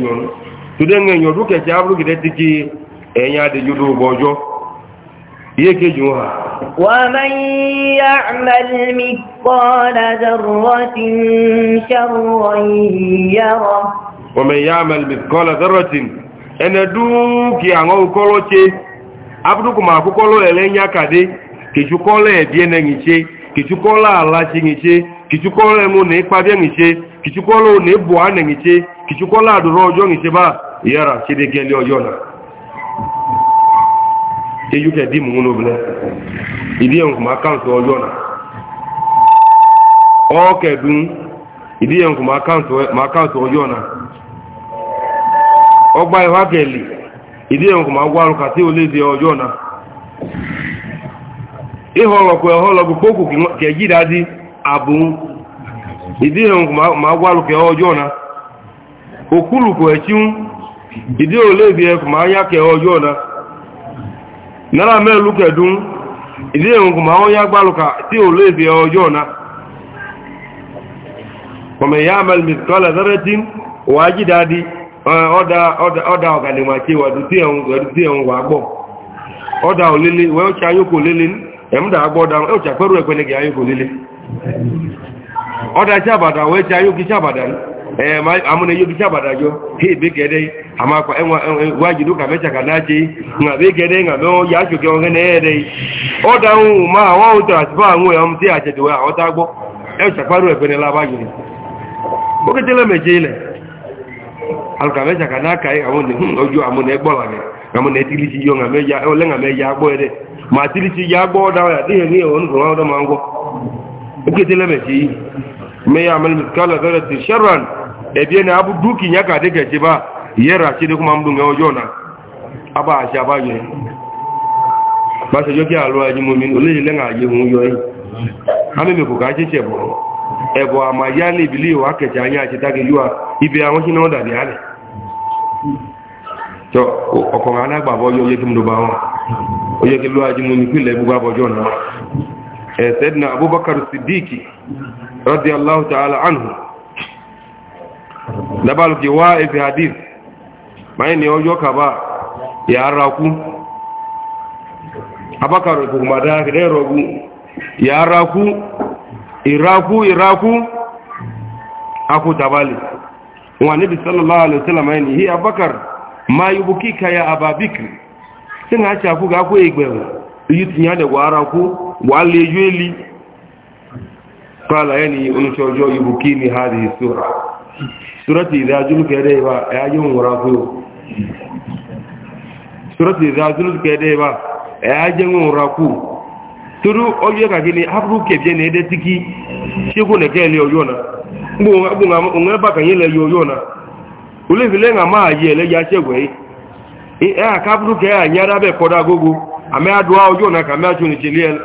tụde nge nyo duke ci abru gide tiki e nya de yudu bojo wa
man ya'mal mithqala dharratin
sharran yara wa man ya'mal mithqala dharratin ene du ki ango kolo che abdu kuma ku kolo ele nya kade ki ju kolo e bi ene ngi che ki emu ne pa yara kide gele ojo na ke yuke di mu no bele idi en kuma account ojo na o ke dun idi en kuma account ma account ojo na ogba iwa gele idi en kuma gwa ruka ti o le di ojo na iholo ko iholo ko poku ke jidadi abu idi en kuma ma gwa ruka ojo na okulu ko echiun ìdí òlé ìbí ẹkù máa yá kẹ ọjọ́ ọ̀dá nára mẹ́lú kẹdún ìdí ẹ̀hùn kù máa yá gbálùkà tí òlé ìbí ọjọ́ ọ̀dá kọmẹ̀ yá mẹ́lùmí kọ́lẹ̀ sẹ́rẹ́tí wà jídádi ọ̀dá ọ̀gàdìmàṣe wàdú tí ẹ̀hùn wà gbọ́ ọ̀dá òlélé wọ́n ṣe ayókò lélé ẹ̀mdà agbọ́dá ó ṣàpẹ́rù ẹ̀pẹ́lẹ́gẹ̀ ayókò lélé ọ̀dá Eh, amụna ihe obicha gbadajọ ha ebekede amakwa gwa jiri ụka mecha ka nache na bekede na mee ya achụke onye na o ọ danwụ ma nwa ụtara atịba anwụ ya mte achedewe ahọta agbọ a, a agbagiri oketela meche ile alụka mecha ka n'aka ya la amụna egbọla yo na meja agbọ ede ma tilichi ya agbọ ọdawa ya dịghị n'ihe ma ngwọ oketela meche iyi mai amal miskala zarati sharran ebiye na abu dukin ya kade gaji ba yera ce da kuma amdun ga wajo na aba a sha bayo ne ba sa joki alo aji mumin olele lenga aji hun yo yi ami me ko ka je che bo e bo ya ni bili wa ke ja anya che ta ge yuwa ibe àwọn shi na oda ni ale to o ko ana gba bo yo kim do ba won lo aji mumin ki le bu ba bo jo na e sedna abubakar siddiqi رضي الله تعالى عنه دبالك واقف حديث ما إني أجوك أبا يا راكو abakar ko ma da ka dai rogu ya raku iraku iraku aku tabali wa nabi sallallahu alaihi wasallam yani hi abakar ma yubukika ya ababikr sin ha cha ku ga ku egbe yi tinya de wa raku wa le yeli قال يعني ان شوجو يبكيني هذه السوره سوره اذا جلك يديبا يا يوم وراكو سوره اذا جلك يديبا يا يوم وراكو turu oyo ka gini afru ke je ne de tiki ọjọọ ne na ba kan le oyo na ule vile nga ma ye le ya shegwe e ka afru ke be koda gogo ame adua oyo na ka me achu ni chile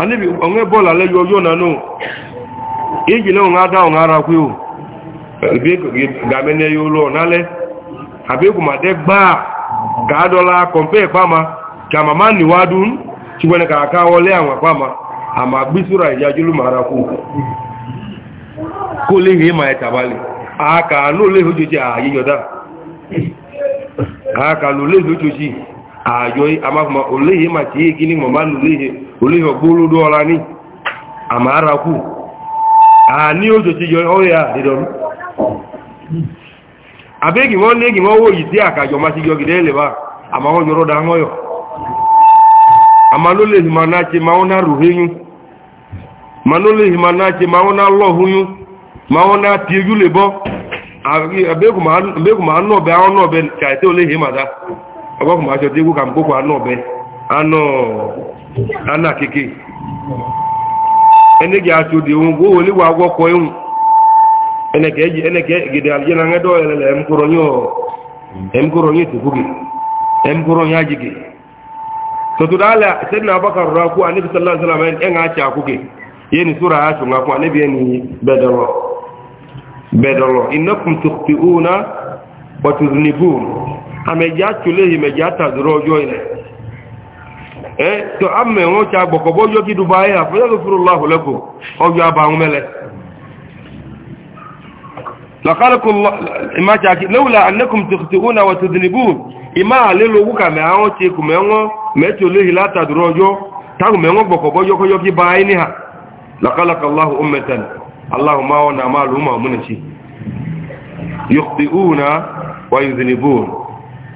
anibi onwe bọọlụ ala yọ yọ iji na onwe ada onwe ara kwio ebe game na eyo ụlọ n'alẹ abegwu ma dị gbaa ka adọla kọmpe kpama ka mama niwa chigwene ka aka wọle anwa kpama ama gbisura ijajulu ma ara kwuo kó léhe ma ẹ̀tàbálì àákà ló léhe ojojì ààyè yọ̀dá àákà ló léhe ajoi amafuma ulihi machihi kini mwambani ulihi ulihi wakulu duwa lani amara ku ani ah, ojo chijoi oya didon abe gimo ne gimo wo yiti akajo masijo gidele ba ama wo yoro dango yo ama lule himanachi maona ruhinyu manule himanachi maona lohunyu maona tiyule bo abe kuma abe kuma no be awon no be chaite ole himada ọgọ́kùn máa ṣọ́ dígbò kàmù kókò aná ọ̀bẹ aná kéèké ẹnẹ́gì aṣòdì ohun gbówó léwà agọ́kọ̀ ihun ẹnẹ́kẹ́ gẹ̀dẹ̀ àjẹ́nà ẹ̀dọ́ ẹ̀lẹ́lẹ̀ ẹmkúrọ̀ yóò tòkúgì ẹmkúrọ̀ yóò ajìgì tòtòdálà sẹ́dínà abọ́kàrọ̀ rákú anẹ́bìsọ́lá àmẹ̀já tùlé ìmẹ̀já tàdúrọ̀ ọjọ́ ilẹ̀ ẹ́ tó àmẹ̀ wọn ti agbọ̀kọ̀bọ̀ ọjọ́ kí dùbà ayé àfẹ́lẹ́gbẹ̀ fúrò láhùlẹ́kù ọjọ́ abàwọn mẹ́lẹ̀ lọ́wọ́lá anẹ́kùn tìkùtìkùnà wà tìdìnìbù ìmá àlélò wúkà mẹ́ àwọn ti kù mẹ́wọ́n mẹ́tòlé ìlà tàdúrọ̀ ọjọ́ táwọn mẹ́wọ́n gbọ̀kọ̀bọ̀ yọkọ́yọ́ kí bá ayé níhà lọ́kọ́lọ́kọ́láhù ọmọtẹ́ni aláhùmáwọ́n náà máa lùmọ̀ múnìṣì yọ̀kùtìkùnà wà yìí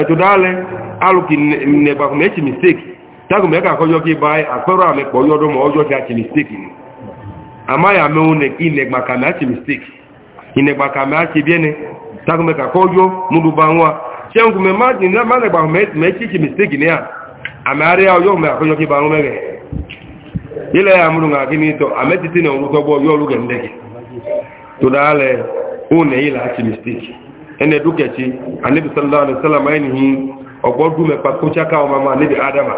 ẹ̀tùdá alẹ́ alùkì nẹ̀gbàkùn mẹ́tì mistake tágùn mẹ́ka àkọ́jọ́ kí báyìí àpẹ́rọ àmẹ́pọ̀ ọjọ́dọ́ mọ̀ ọjọ́ ti àti mistake ni àmáyà mẹ́un ìnẹ̀gbàkàmẹ́ àti mistake ìnẹ̀gbàkàmẹ́ àti bíẹ́ni tágùn mẹ́ka àkọ́jọ́ múdùbá wọn ṣẹ́gun mẹ́nẹ̀gbàkùn mẹ́tì mistake ni àmẹ́ àríyá yọ́ ene dukechi anabi sallallahu alaihi wasallam ainihi ogbodu me pakocha mama adama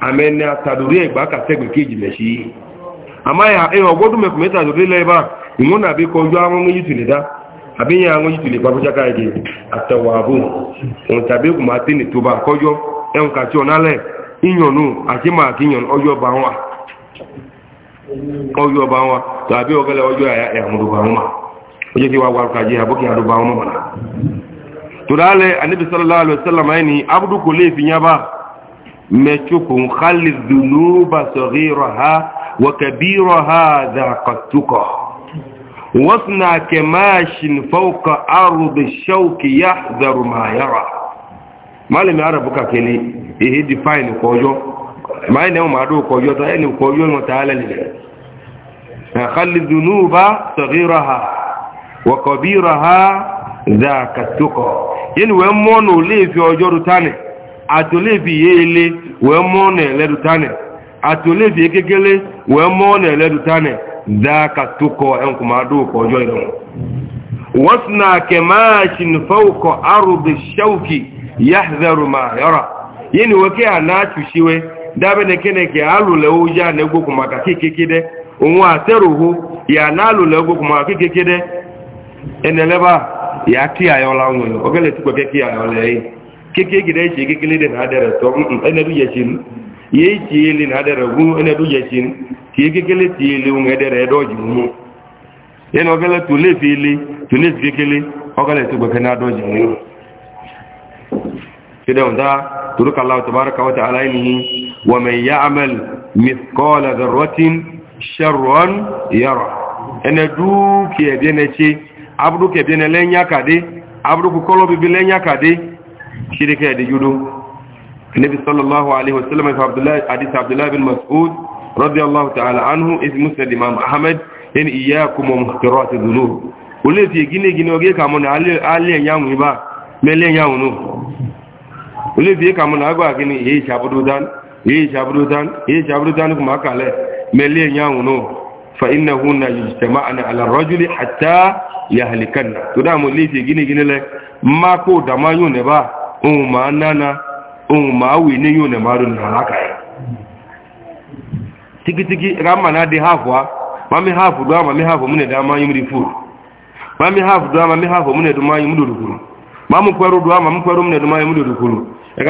amene ataduri egba ama ya e eh, ogbodu me kumeta duri leba imuna bi ko jo awon yitu le da abi ya awon yitu le atawabu ma tuba eh, ka ti onale inyonu ma ojo ba wa ojo ba ya e amudu ba oje ti wa wa ka je aboki adu ba mo mana to dale annabi sallallahu alaihi wasallam yani abdu ko le fi nyaba me chukun khalid dhunuba saghiraha wa kabiraha dhaqatuka wasna kamashin fawqa ardi ash-shawki yahdharu ma yara malami arabuka kele ehe define ko yo mai ne ma do ko yo ta ni ko yo mo ta ala ni khalid dhunuba saghiraha wakọbíra ha zakatokọ yẹni wẹ́ mọ́ wee léèfi ọjọ rútánì àti oléèfi yéèlé wẹ́ mọ́ nù ẹ̀lẹ́dútánì àti oléèfi ekekele wẹ́ na nù ẹ̀lẹ́dútánì zakatokọ ẹnkù máa dóòkọ ọjọ́ ìrìn wọ́n sì náà kẹmáàṣì nìfọ́ọ̀kọ̀ arùbí ṣẹ́ọ̀kì yáhẹ́rù máa yọ́ra yẹni wẹ́ kí ànáàtù ṣíwẹ́ dábẹ́nẹkẹ́nẹkẹ́ alùlẹ̀ ó ya nẹ́gbókùnmọ̀ eneleba ya ki ayola nwe ogele tukwe ke ki ayola yi keke gida ichi kekele de na dere to mm, mm, ene du yechin ye ichi ele na dere gu ene du yechin ki kekele ti ele un edere doji mu ene ogele tu le fi ele tu le fi kekele ogele tukwe ke na doji mu kida onda turuka allah tabaraka abdu kebine lenya kade abdu kukolo bibi lenya kade shirika ya dijudu nabi sallallahu alaihi wasallam fa abdullah hadith abdullah bin mas'ud radiyallahu ta'ala anhu iz musnad imam ahmad in iyyakum wa muhtirat dhunub ulati gine gine oge kamona ali ali nyamu iba mele nyamu no ulati kamona agba gine yi chabudu dan yi chabudu dan yi chabudu dan kuma kale mele nyamu no fa innahunna yajtama'na ala rajuli hatta yahlikanna to da mu lefi gine gine le ma ko da ma yun ne ba ohun ma nana ohun ma wi ni yun ne ma ya tigi ramma na de hafwa mami hafu do mami hafu mune da ma fu mami hafu do hafu mune do ma yumdu du kuru do mune do ma yumdu kuru e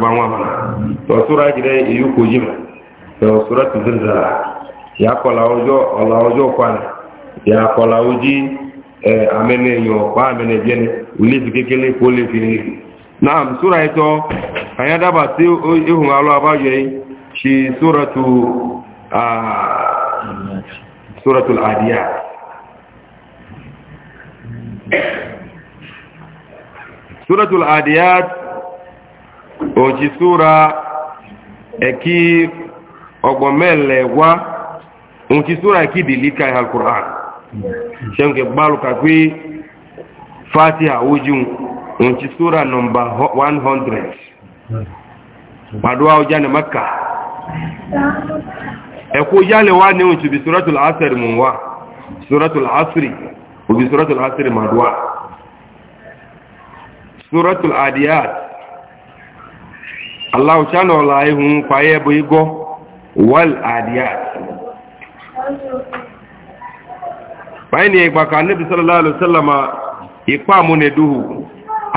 wa ma to yọ surati zilzala ya kọla ọjọ ọla ọjọ kwana ya kọla ojí ẹ amẹnẹ yọ pa amẹnẹ jẹni olèfi kékeré kó lè fi nìyí náà sura ẹtọ àyà dábà tí ihun alọ abájọ yìí ṣe suratu suratu adiya suratu adiya òjì sura ẹkí ọgbọ̀n mẹ́lẹ̀ wá ohun ti súra ìkìdì líka ìhà alkùnrán ṣeun kẹ gbálùkà pé fatiha ojú ohun ti súra nọmba 100 pàdúwà ọjá ní maka ẹ̀kọ́ yálẹ̀ wá ní ohun ti bí súratul asiri mú wá súratul asiri òbí súratul asiri màdúwà súratul adiyat Allah ṣánà ọ̀la ihun pàyẹ́ bó wal adiyat bayan ya gbaka annabi sallallahu alaihi wasallama ipa mu ne duhu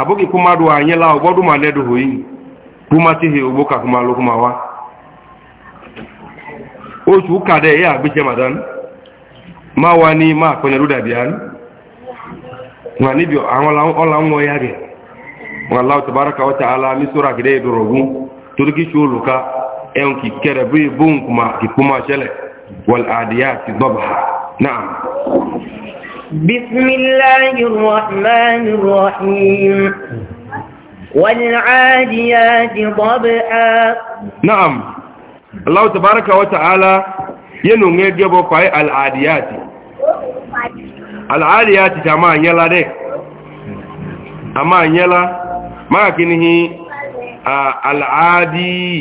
aboki kuma duwa anyi la ogbodu ma ne duhu yi kuma ti he ogbo ka kuma lo kuma wa oṣù kàdẹ̀ yà gbíṣẹ́ madan ma wa ni ma pẹ̀lú dàbíyàn wà níbi àwọn ẹun kì kẹrẹ bí bóun kùmà kì kùmà ṣẹlẹ̀ wọl àdìyà ti dọ́bà náà.
بسم الله الرحمن الرحيم والعاديات
ضبحا نعم الله تبارك وتعالى ينو نجيبو قاي العاديات العاديات جماعه يلا ده اما يلا ما كنه العادي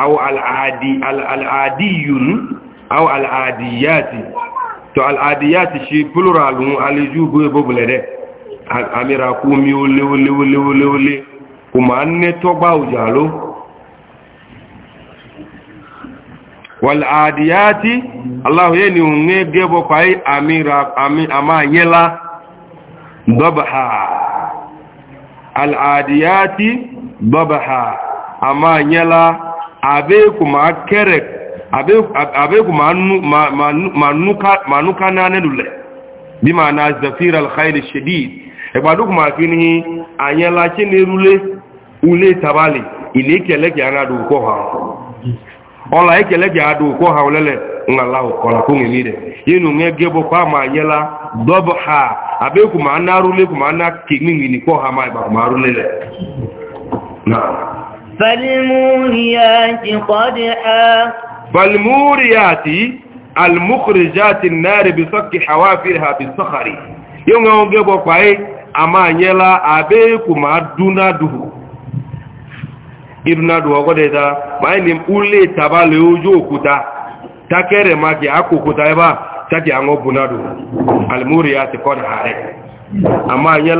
أو العادي العاديون أو العاديات تو العاديات شي بلورال عليجو بو بوبلده اميرا كومي ولي ولي ولي ولي ولي كما ان توبا وجالو والعاديات الله يني نغيبو باي اميرا امي اما يلا ضبحا العاديات ضبحا اما يلا Abee kuma kɛrɛg, abe kuma manuka nane ɔlɛ bi ma ana zafiri alhayi n'i sebi. Egbadu kuma kpiinii anyala kyen'erule ule tabali ile kɛlɛ kɛ ya naa do kɔhaa. Ɔ la e kɛlɛ kɛ ya naa do kɔhaa wulalɛ. Ngalawo ko ngemi dɛ. I n'o nge gebo k'ama anyala, dɔ bɔ haa abe kuma ana rule kuma ana kiniŋgini kɔhaa ma ɛgbaa kuma arule dɛ.
فالموريات
قدحا فالموريات المخرجات النار بصك حوافرها بالصخر يوم يوم قاي اما يلا ابيكم دونه irunadu ọgọ́dẹ̀ta máa ní ulé tàbálẹ̀ ojú òkúta tákẹ́rẹ̀ máa kí àkókúta ẹbá tàbí àwọn ọbùnadù alìmúrí àti kọ́nà
ààrẹ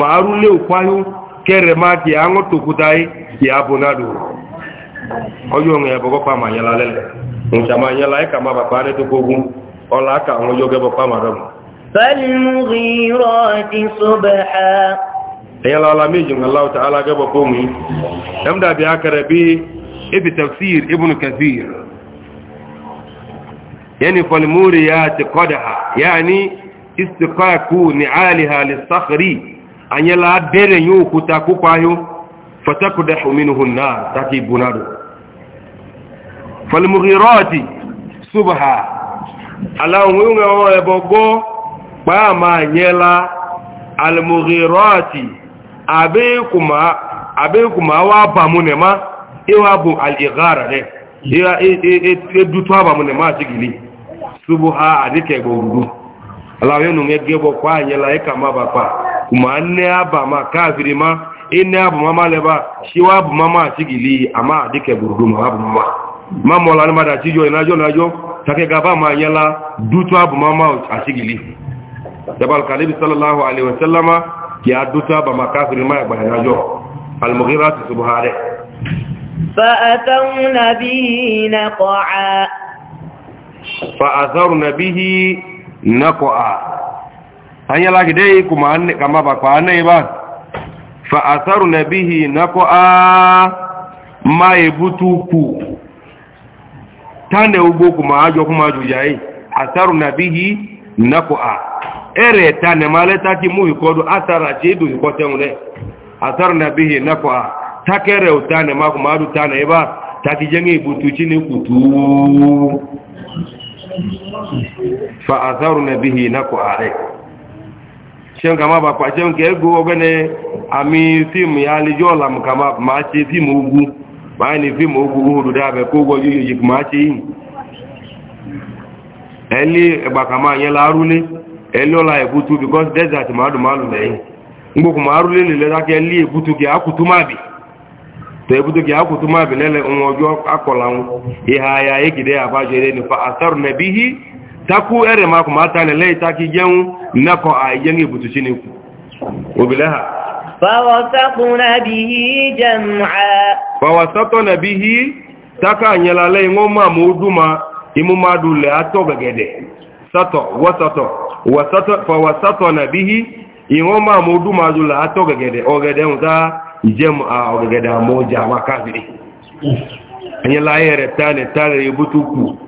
máa kere ma ki ango tukutai ki abunadu oyo nge bogo pa manyala lele ncha manyala e kama ba pare to kogu ola ka ango yoge bo pa madam
fal mughirati subha
ya la la mi jin allah ta'ala ge bo ko mi amda bi akara bi ibi tafsir ibn kathir yani fal muriyat qadaha yani istiqaqu ni'alaha lis-sakhri anyela dere yi okuta kupayo fatakudahu minhu nar taki bunado falmughirati subha ala ngunga o ebogo pa ma anyela almughirati abe kuma abe kuma wa bamune ma iwa bu ne, ighara de ya edutu abamune ma tigili subha adike gogudu ala yenu ngegebo kwa anyela ikama bapa kuma nne aba ma kafiri ma inne e abu mama leba shi wa abu mama sigili ama dike buruduma abu mama mama la ma da cijo ina jo na jo take gaba ma yala dutu abu mama a sigili dabal kalibi sallallahu alaihi wasallama ki adutu abu ma kafiri ma ba na jo al subhare
fa atau naqa
fa atharu naqa anyala gide kuma anne kama ba kwa anne ba fa asaru nabihi nako a ma ebutuku tande ugbo kuma ajo kuma ajo yayi asaru nabihi nako a ere tane maleta ki mu ikodo asara chedu ikote unle asaru nabihi nako a takere utane ma kuma adu tane ba takijenge ibutu chini kutu fa asaru nabihi nako a ṣeun ka máa bà pa ṣeun kẹ́ gbó ọgbẹ́ni àmì fíìmù ya lè yọ́ làmù ka máa ṣe fíìmù ogun máa ní fíìmù ogun oòrùn dábẹ̀ kó wọ yìí máa ṣe yìí ẹlé ẹgbà máa yẹ láárúlé ẹlé ọlá ẹ̀bútú because desert máa dùn máa lù lẹ́yìn ngbókù máa rúlé lè lẹ́dákẹ́ ẹlé ẹ̀bútú kẹ́ àkùtù máa bì tẹ ẹ̀bútú kẹ́ àkùtù máa bì lẹ́lẹ̀ taku ere ma kuma ta ne lai taki jeun na ko a yen ibutu shine ku obilaha
fawasaqna bihi jam'a
fawasaqna bihi taka nyala lai ngoma muduma imumadu le ato gagede sato wasato wasato na bihi ingoma muduma zula ato gagede ogede unta jam'a ogede moja makafiri nyala ere tane tare ibutu ku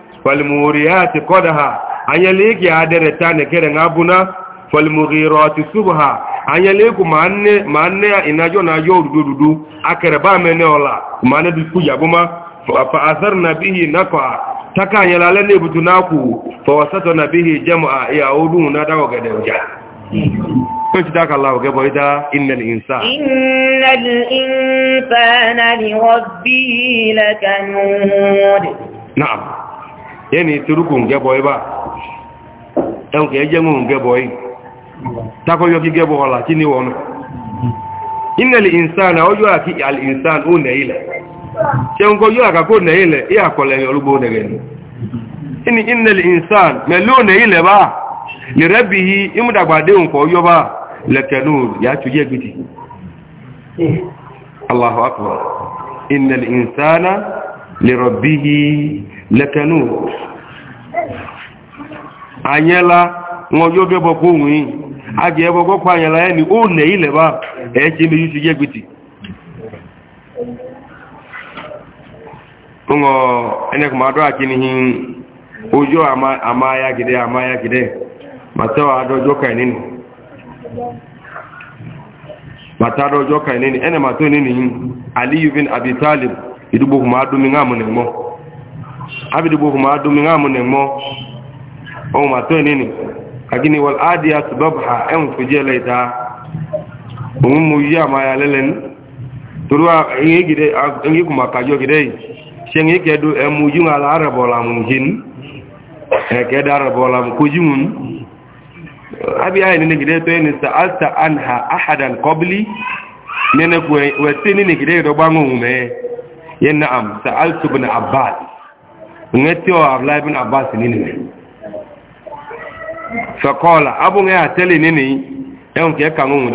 فالموريات قدها أن يليك يا درتان كرن أبنا فالمغيرات صبها أن يليك معنى معنى إن جو ناجو دودو أكربا من ولا معنى دسكو يابما فأثرنا به نقع تكا يلالن بتناكو فوسطنا به جمع يعودون ندعو قدرجا كنت داك الله قبل إن الإنسان
إن الإنسان لربه لكنود
نعم yẹni torúkù ń gẹ́bọ̀ ibá ẹun kẹ́ jẹ́mù ń gẹ́bọ̀ yìí takọ́yọ́ kí gẹ́bọ̀ ọ̀lá kí ní wọnú inẹ̀lì ìnsàn ọjọ́ àti ìnsàn ó nẹ̀ ilẹ̀ ṣeun kọ́ yóò àkàkó nẹ̀ ilẹ̀ ẹ àkọlẹ̀ olúgbò nẹ̀gẹ̀ni inẹ̀lì ìnsàn mẹ̀lú nẹ̀ ilẹ̀ bá lè rẹ́bì yí ìmúdàgbàdé nǹkọ́ yọ́ bá lẹ̀kẹ̀nú yà tó jẹ́ gbìtì Allahu akbar inẹ̀lì ìnsàn lè rọ̀bí yí lẹ́kẹ̀ẹ́nù àyẹ́lá wọn yóò gẹ́bọ̀ kó wùn yìí agẹ́ ẹbọ̀ gọ́pọ̀ àyẹ́lá ẹni ó nẹ̀ ilẹ̀ bá ẹ̀ẹ́jẹ́ méjì ti jẹ́ gbìtì ńgọ̀ ẹnẹ́kùnmọ́dọ́ àkíní ojú àmáyágidẹ́ àmáyágidẹ́ màtẹ́wà adọ́jọ́ kàìnínú màtàdọ́jọ́ aliyu bin abi talib ìdúgbò kùnmọ́ adúmi ń àmúnẹ̀ abidigbo kuma adomi nga mu ne mo ohun ma to ni ni agini wal adiya subabha en fuje da ohun mu ya ma ya lelen turu a ngi gide a ngi kuma kajo gide se ngi kedu e mu ju nga la mu jin e ke da rabola mu ku abi ay ni gide to ni sa'alta anha ahadan qabli nene ku we tini ni gide do bangu me yen na'am sa'altu ibn abbas ngati o abla ibn abbas nini ne abu nga atali nini en ke kan ngun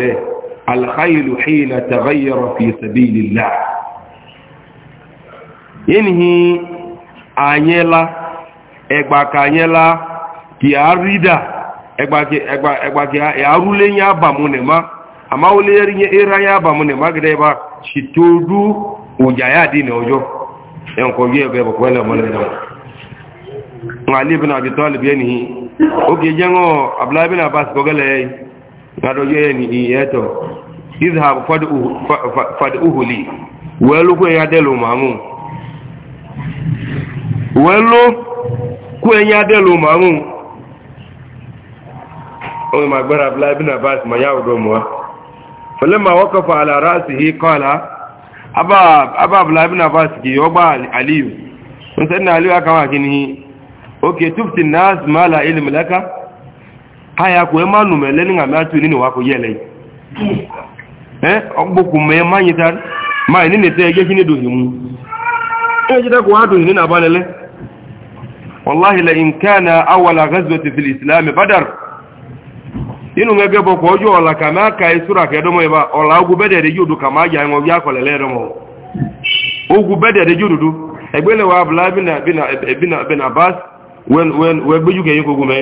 al khayl hina taghayyara fi sabilillah yinhi anyela egba kanyela ki arida egba ki egba egba e ba mu ma ama ole yeri era ya ba ma gede ba shitodu ojo ali ibn abi talib yanihi oge jengo abdullah ibn abbas gogale ngado yeni yeto izhab fad'uhu fad'uhu li welu ko ya delu mamu welu ko ya delu mamu o ma gbara abdullah ibn abbas ma ya do mo falamma waqafa ala ra'sihi qala aba aba abdullah ibn aliyu oke tufti nas la ilmi laka haya ko ma nume le nga ma tu ni wa ko yele eh ogboku me ma yin tan ma ni ne te je kini do himu e je ko wa ni na balele wallahi la in kana awwala ghazwati fil islam badar inu ngege bo ko jo la kama ka isura ke do mo ba ola ogu bede de judu kama ja ngo ya ko lele do mo ogu bede de judu egbele wa abla bin bin bin bin abbas wẹ́gbẹ́jú kẹ́yìn kogbo mẹ́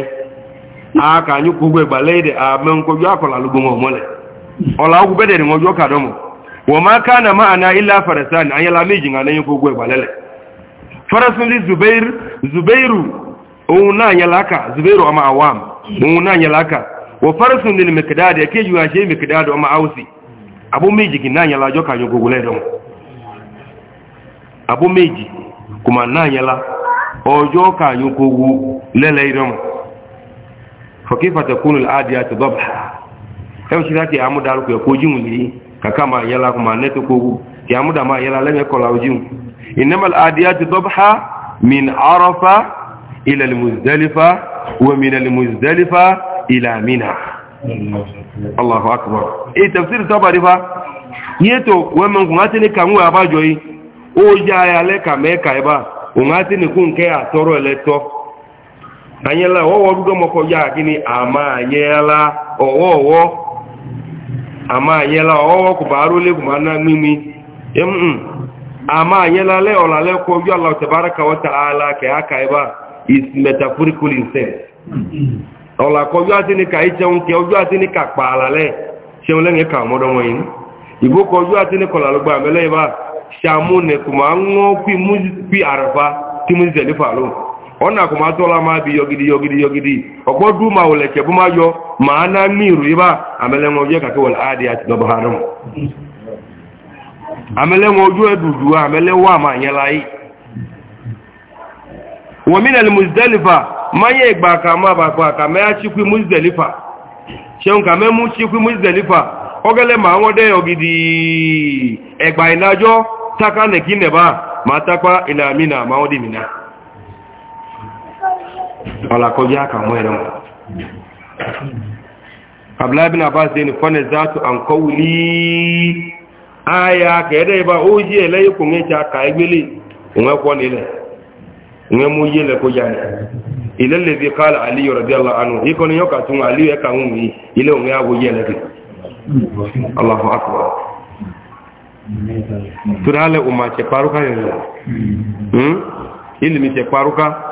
àkànyí kogbo ẹgbà lẹ́yìn àmẹ́nkọjọ́ àkọlà ló gbọmọ ọmọlẹ̀ ọ̀là ọkù bẹ́ẹ̀dẹ̀ ni wọ́n jọ́ kàdọ́mọ̀ wọ́n máa ká nà máa na ilá fàrẹsán àyẹ́lá méjì nà lẹ́yìn kogbo ẹgbà lẹ́lẹ̀ farasunli zubairu zubairu ohun náà yẹláka zubairu ọmọ awam ohun náà yẹláka wọ́n farasunli mẹ́kẹ̀dáàdì ẹ̀kẹ́jù àṣẹ mẹ́kẹ̀dáàdì ọmọ áwùsì abó méjì kì náà yẹlá jọ́ kànyí kogbo lẹ́dọ̀mọ̀ Abu miji, kùmà náà yẹlá ọjọ́ kààyùn kò wu lẹ́lẹ̀ ìdánwò fọ̀kí fàtẹ̀kùnù àdì àti bọ́bà ẹ̀ ṣe láti àmúdàrú kò ẹ̀kọ́ jíun yìí kàkà máa yẹla kò máa nẹ́tọ́ kò wu kì àmúdà máa yẹla lẹ́yìn kọlà ojíun ìnẹ́mà àdì àti bọ́bà min arọ́fà ilẹ̀ lìmùsdẹ́lifà wẹ̀mìn lìmùsdẹ́lifà ilẹ̀ àmìnà allahu akbar èyí tẹ̀síri sábàdí fa yẹ́tọ̀ wẹ́mẹ̀kùn á ti ní kàwé àbájọ yìí ó yá ayalẹ́ kàmẹ́kà ẹ̀ báà ụmụatị na ikwu nke a tọrọ eletọ anyela ọwọ rugo mọkọ ya gịnị ama anyela ọwọ ọwọ ama anyela ọwọ kụbarụ ole ma na mmimi mm. ama anyela le ọla le kwọ obi ala tabara ka wata ala ka aka ebe a is metaphorical incense ọla ka obi atị ni ka iche nke obi atị ni ka kpaala le ṣeun lẹ́yìn ka ọmọdé wọn yìí ìgbó ka obi atị ni kọlà lọgbà mẹlẹ ebe a ṣàmú nẹ̀ kò máa ń wọ́n pí àrẹ̀fà tí mú ìzẹ̀lẹ̀ fà ló ọ̀nà kò ma tọ́lá máa bí yọgidi yọgidi yọgidi ọ̀pọ̀ dú máa wọlẹ̀ kẹ̀ bó máa yọ máa ná ní ìrù yíbá àmẹ́lẹ́wọ̀n ojú ẹ̀kàkẹ́ muzdalifa muzdalifa muzdalifa ogele ma nwode ogidi egba inajo taka neki neba ma takwa ila mina ma odi mina ala ko ya ka mo eran abla ibn abbas den fone zatu an qawli aya kede ba oji eleyi ko nge cha ka egbele nwe ko ni le nwe mu yele ko ni yoka tun ali e ile o nge Allahu akbar. Turale uma che paruka yele. Hmm? Ilimi che paruka.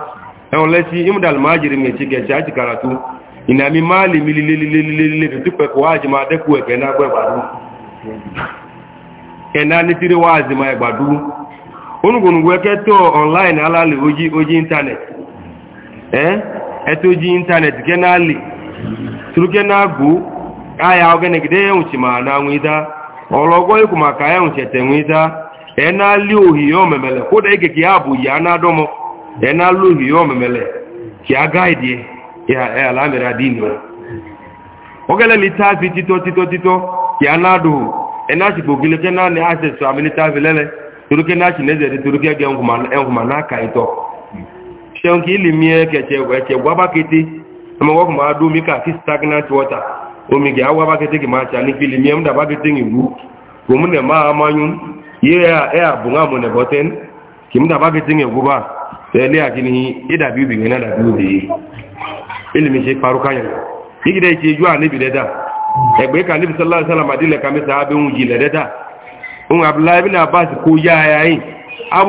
Eon lesi imdal majiri mi che gecha chi karatu. Ina mi mali mi lililililile tupe ko aji ma de ku ebe na gbe gbadu. Ena ni tiri wazi ma gbadu. E Onugun gweke to online ala le oji oji internet. Eh? Eto oji internet kenali. Turuke na gbo aya ogene gide ya nwuchi ma na nwita ọlọgwọ ikwu maka ya na nwita ohi ohihe omemele kwụda ege ka ya bụ ya na adọmọ enali ohihe omemele ka ya gaidi ya ala mere adini ogele litafi tito tito tito ka ya na adụghụ enachikpo ogile ke naanị asesu amilitafi lele turuke na chi nezere turuke ga enhuma na aka ito ṣeun ka ilimie kẹchẹ gwaba kiti ọmọ wọkùnmọ́ adúmí kàkí stagnant water omi gị awa bagete gị macha n'ikili mie m da bagete gị wu ko ma amanyu ye ya e abu nga mu ne boten ki mu e da bagete gị guba ele ya bi bi na da bi bi ile mi se paru kan ya ju ani bi leda e ka nabi sallallahu alaihi wasallam adile ka abbas ko ya ya ya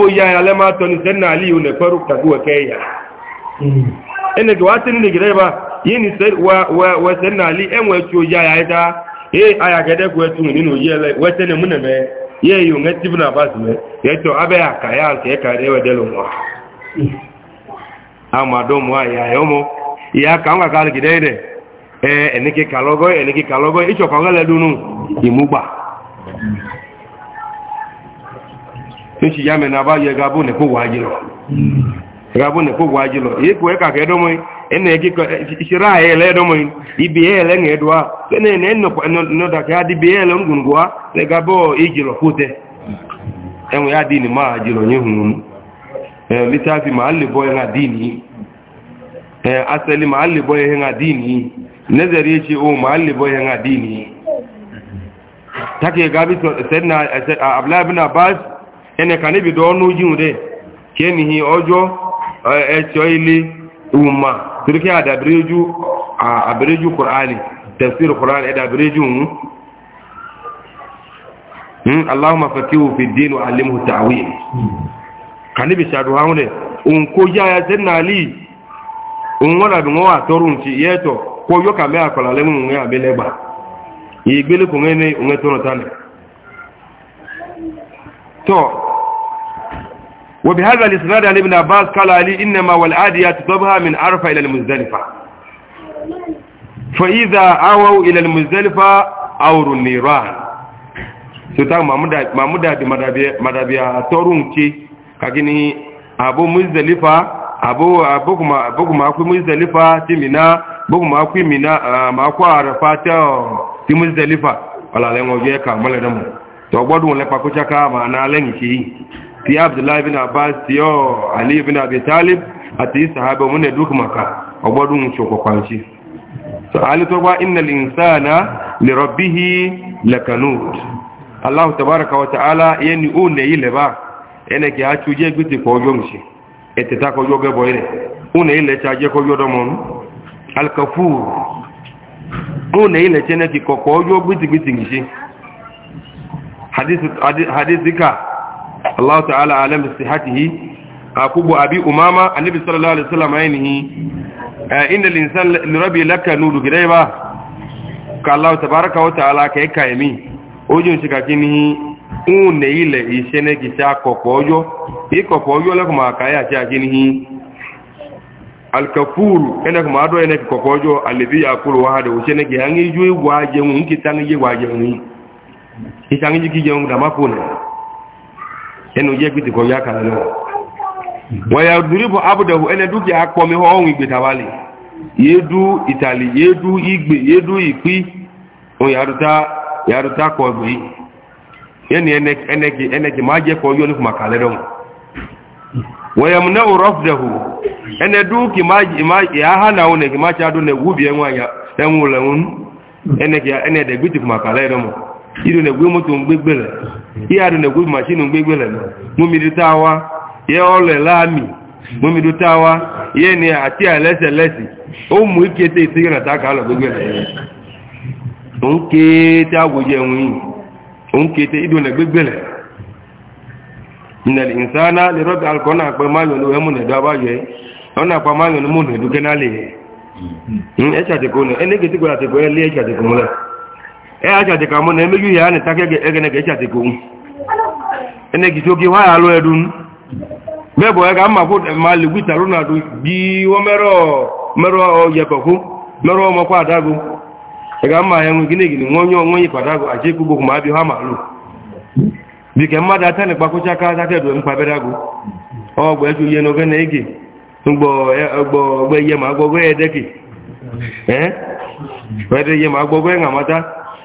ya le ma to hmm. ni sanna ali yini wese na ali enwe ya oji aya ita e aya gede ku etu ni no yele wese ne muneme ye yo ngetibu na basi me yeto abe aka ya nke ka re wedelo mo amado ya aya yomo ya ka nga ka gide e eniki kalogo ka ba ene ki ishira ele do mo ibi ele nge dwa ene ne no no da ka di bi ya e dini ma ajiro nyehun eh litafi ma alle boy na dini eh asali ma alle boy na dini nazari ce o ma alle boy na dini take ga bi sayyidina ojo echo e, umma turki a dabreju a abreju qur'ani tafsir qur'ani da abreju hmm allahumma faqihu fi din wa allimhu ta'wil kani bi shadu haune un ko ya ya janna ali un wala bi wa torun ci yeto ko yo kame akola le mun ya belegba igbele ko ngene un etoro tane to وبهذا الاسناد عن ابن عباس قال لي انما والعاديات ضبها من عرفه الى المزدلفه فاذا اووا الى المزدلفه اوروا النيران سيتا مامودا مامودا مدابيا مدابيا تورونكي كاغني ابو مزدلفه ابو ابو كما ابو كما اكو مزدلفه تيمينا ابو كما اكو مينا ما اكو عرفه تي مزدلفه ولا لنوجه كامل دمو تو غدون لپاكو تشكا ما انا لنكي ti abdullahi bin abbas ti o ali bin abi talib àti sahaba mun duk maka ogbodun soko so ali to ba innal insana li rabbih lakanut allah tabaaraka wa ta'ala yani une ile ba ene ki a chuje gbiti ko ojo nshi ete ta ko ojo gebo ile une ile cha je ko ojo do mon al kafur une ile chene ki ko ko ojo gbiti gbiti nshi hadith hadith dika Allah ta'ala alam bi sihhatihi akubu abi umama annabi sallallahu alaihi wasallam ainihi inna al-insan li rabbi laka nuru gidaiba ka Allah tabaaraka wa ta'ala kai kaimi ojun shikakini une ile isene kisa kokoyo ikokoyo la kuma kaya shakini alkafuru ene kuma ado ene kokoyo alladhi yakulu wahada usene ki hangi jui waje mun kitangi waje mun kitangi ki da mapuna ẹnu jẹ́ gbìtì kọ yá kàlẹ̀ lọ wọ̀yà dúríbù abúdẹ̀hù ẹni dúkìá pọ̀mí ọ̀hún ìgbètàwálì yédú ìtàlì yédú ìgbè yédú ìpí yàrùtà kọ gbé yẹni ẹnẹkì máa jẹ́ kọ yọ ní fún àkàlẹ̀ lọ wọ̀yà múná òrọ́fùdẹ̀hù ẹni dúkì ìhánàwọn ẹ̀kì máa ṣáàdó nẹ̀wúbi ẹ̀wọ̀n lẹ́wọ̀n ẹnẹkì ẹnẹdẹ̀gbìtì ihe dị na-egwe machin mgbe igwele mụmiri tawa ihe ọlele amị mụmiri tawa ihe na ya ati alesi lesi ụmụ ike te ite na taka ala gbegbele nkete agwụji enwe iyi nkete ido na gbegbele nnele insana lerobi alụkọ ọ na-akpa manyọ na mụ na-edo abayọ ọ na-akpa manyọ na hmm. Hmm, e e e mụ na-edo kenali ya echatịkọ na ene na tekọ ya lie mụ mụla e achate ka mụ na emeghi ihe a na-etake egene ka echate ka onwu enegide oge wa ya alụ edun mebụ ya ga mma kwụ ma ligwitarụ na adu biwo merọ yebekwu merọ ọmọkwa adago ị ga mma ya nwe nwe onye onwe adago acha ekwugbo ma abịa ha ma alụ bike mmadụ na aka aka ihe na ege ihe ma ya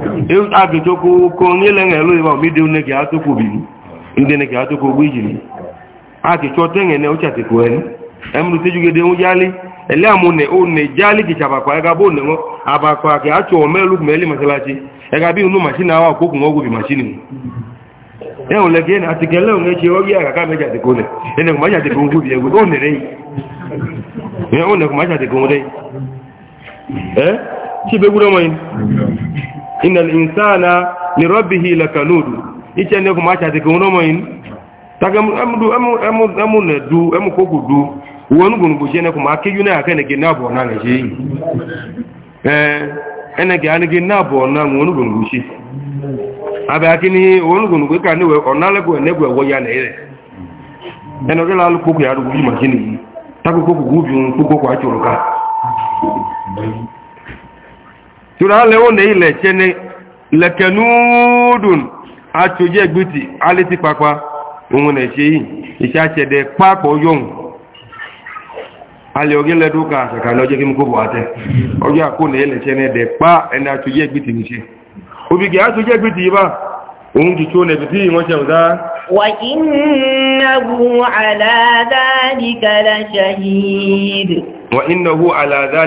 e ko onye le ṅelu iba omidi ne ga atụkwu bi ndị ne ga atụkwu ogbo ijiri akịchọ tenge ne ụcha eni emrute jali ele amune une jali kichaba kwa ega bo ne abakwa ke acho omelu masalachi ega bi unu machine awa koku ngogu bi e o le gene atikele unge chi ogi aga ka meja ene one eh inal insana li rabbihi lakanudu iche ne kuma cha te kuno moyin tagam amdu amu amu amu ne du amu ko gudu wonu gunu bu jene kuma ke yuna aka ne gina bo na nje eh ene ga ne gina bo na wonu gunu bu shi aba akini wonu gunu bu ka ne we onale ko ne gwe wo ya ne ile. ene ga lalu ko ya ru bu ma jini tagu ko gudu ko ko kwa churuka tura le wonde ile chene le kenudun atoje gbiti ale ti papa ohun ne se yi isa se de papo yohun ale oge le duka se ka loje kimi ko bo ate ojo ako ne pa en atoje gbiti ala wa ala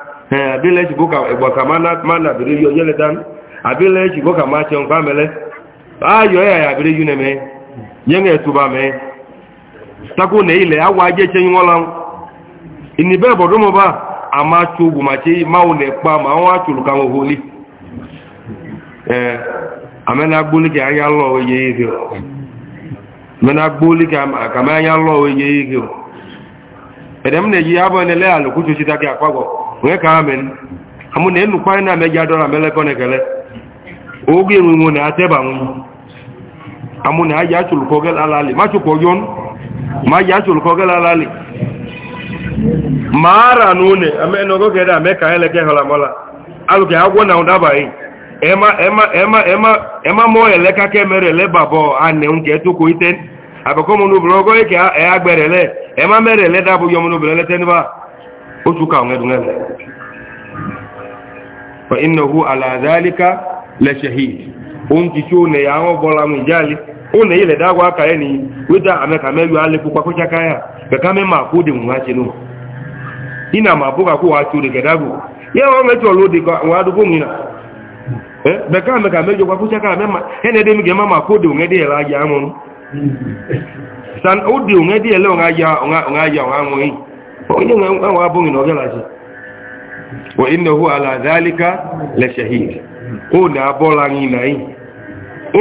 abilechi ji boka egba ka ma na biri yo yele leta abile ji boka ma che nfa mele ayo ya ya biri yune me yenge tuba me tako ne ile awa je che yin wolan ini be bodo mo ba ama chugu ma che ma o le pa ma wa chulu ka mo holi eh amena agboli ke aya lo oye ike o amena agboli ke ka ma aya lo oye ike o edem ne ji abo ne le alukuchu chitake onye ka ha amụ na enukwa anyị na-ameji adọrọ amelekọ na ekele oge enwe nwe na ateba nwe amụ na aji achụlụkọ oge lalali ma chụkwa oge ma aji achụlụkọ oge lalali ma ara na une amenogo kede ame ka eleke hụla mọla alụka agwọ na ụdabaghị ema mọ eleka ka emere eleba bọ anị nke tụkwu ite abakọ m n'obere ogo eke e agbere ele ema mere ele dabụghị ọmụ n'obere elete n'ebe a oṣù káwọn ẹdùn ẹ̀rẹ̀ fa iná hu aláàdáríká lẹ́ṣẹ̀hì oun ti tí ó nẹ̀ yà wọ́n bọ́lá mú ìjáàlẹ̀ ó nẹ̀ ilẹ̀ dágbà kàyẹ́ ni wíta àmẹ́kàmẹ́lú alẹ́ pupa kó jákáyà kẹ̀ká mẹ́mà kó dè wọ́n ṣe nù iná mà onye nwa abụghị na ọgalaji wa innahu ala dhalika la shahid o na abola ni na yi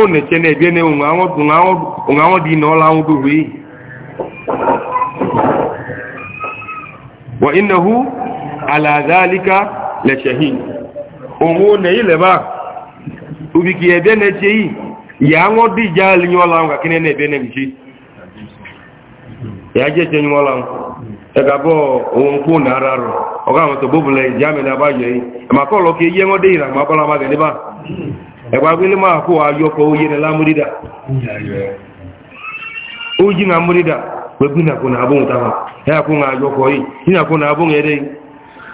o na chene bi ne unga wo unga wo di wi wa innahu ala dhalika o ne ile ba ubi ki ebe ne che yi ya wo di ja li nyola kine ne be ne mi ya je che nyola ẹgbàbọ̀ ohun kó nà ara rọ̀ ọgá àwọn tòbóbùnlẹ̀ ìjámẹ́lẹ̀ abájọ́ yìí ẹ̀màkọ́ lọ kí yẹ́ wọ́n dé ìrà àmà bọ́lá máa gẹ̀lẹ́bà ẹgbàgbélé máa kó ayọ́kọ̀ oyé ní lámúrídà ó jí ní amúrídà pẹ̀gbínàkùn àbóhùn táwọn ẹ̀yàkùn ayọ́kọ̀ yìí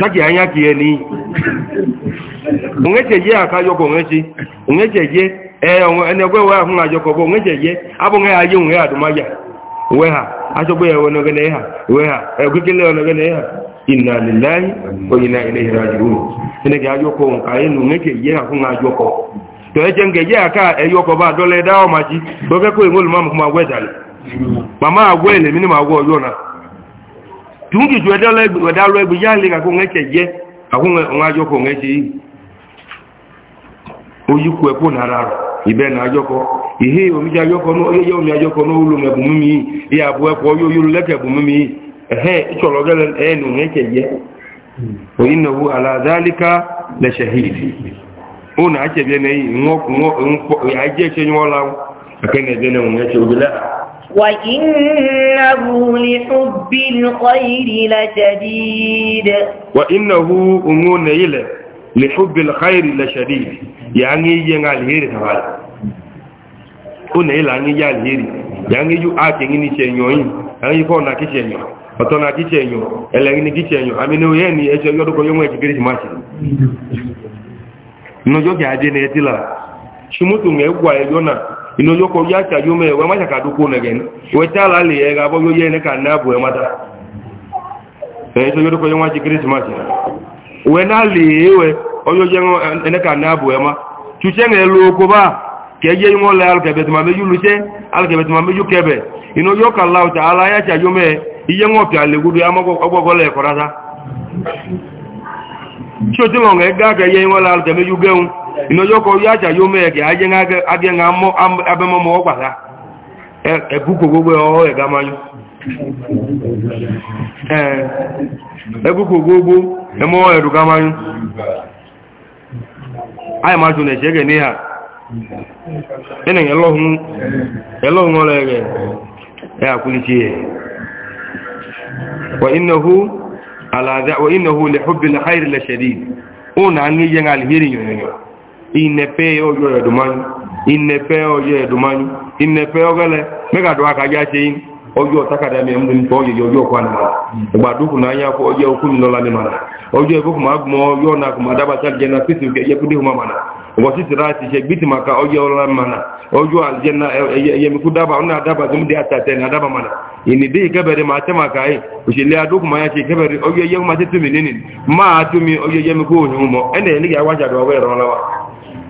taki anya ka ihe n'iyi onweche je aka yọkọ onweche si, je ee we ahụ na ajọkọ bụ onweche je abụghị ha je onwe ha adụmaja onwe ha achọgbu ya onogene ha onwe we egwekele onogene ha inna lillahi wa inna raji'un ga yọkọ nka enu onweche je ahụ na to eche nke aka eyọkọ ba dole dawo maji to ko engolu mamu kuma gwetale mama agwele mini yona tungi ju edalo egbe egbe ya le ka ko ngeke je akun on ajo ko ngeke yi oyiku e ko nara ibe na ajo ihe omi ja ajo ko no ye omi ajo ko no ulu mebu mi ya bu e ko yo yo leke bu mi ehe ichoro gele e eh, nu ngeke je wa innahu ala dhalika la shahid ona oh, ache bi ne ngo ngo aje Wa one ile anya ihe aligheri ya i a ng e enyooyi k a kichi no a na ii neno le ki i enyo n n ilo yoko ya cha yume we macha kaduku ne gen we cha la le ga bo yoye ne kan na bu e mata e to yoro ko yoma ji christmas we na le we o yo ngo ne kan na bu e ma tu che ne lo ko ba ke je ngo le al kebe tuma me yulu che al kebe tuma me yukebe ino yoka allah ala ya cha yume iye ngo pya le gudu amago ogbogo le korata cho ti ngo ga ga ye ngo la al kebe yugeun inojoko ya aja yo me ge aje nga age nga mo abe mo mo gba la e gugo gogo o e ga manyu eh e gugo gogo e mo e du ai ma ju ne je ge ni ha ene ge e akuli ti e wa innahu ala wa innahu li hubbi khair la shadid ni je nga hiri yo inepe oyo edumanyu inepe oyo edumanyu inepe ogele mega do aka ja cheyin ojo takada mi mdu mpo ojo ojo kwa na gba duku na anya ko ojo okun lola ni mana oyo ebuku ma gmo ojo na kuma daba tal jena piti ke je pidi huma mana ngo sisi rati che biti maka ojo lola mana ojo aljanna ye mi kudaba ona daba zumdi atate na daba mana ini dei kebere ma tema kai ushile aduku ma ya che kebere ojo ye ma tetumi nini ma atumi ojo ye mi ko ohun mo ene ni ya waja do we ro lawa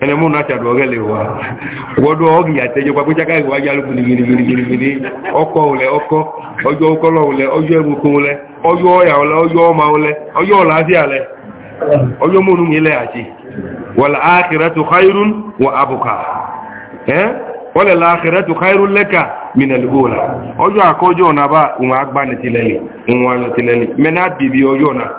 ẹni mú náà ṣàdùn ọgẹ́ lè wá gbọ́dọ̀ ọgì àtẹjọ papọ̀ jáká ìwà yálù gbìnìgbìnìgbìnì ọkọ̀ òlẹ̀ ọkọ̀ ọjọ́ ọkọ̀lọ̀ òlẹ̀ ọjọ́ ẹgbùkún òlẹ̀ ọjọ́ ọyà òlẹ̀ àti bá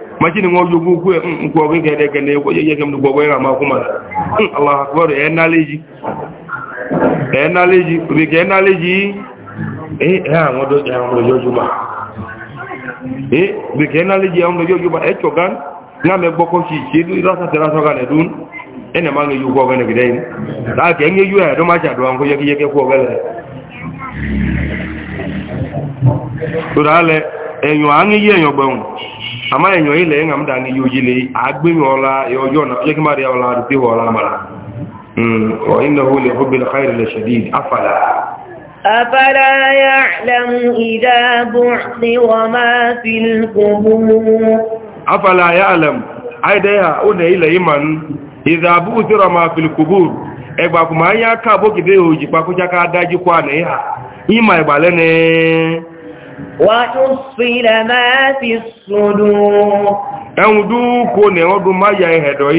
majini ngo ko ko ma kuma Allah akbar e naleji e naleji be ge naleji e, e ha ngo do ya e ngo yo juba e be ge naleji ya e ngo yo juba e chogan na me boko chi chi du ira sa tera soga ne dun ma gede da ke ngi yu do ma cha do ngo ko gele enyo angi enyo ama enyo ile nga mda ni yujili agbiwola yoyona yake mari na rupiwola mara mm wa innahu li hubbil khair la shadid afala
afala ya'lamu idha bu'thi wa ma fil
afala ya'lam aidaya una ile iman ma fil qubur egba kuma ya ka bo kide oji pa وَحُصِّلَ مَا فِي الصُّدُورِ ẹ̀hùn dúkò nẹ̀ ọdún má yà ẹ̀hẹ̀dọ̀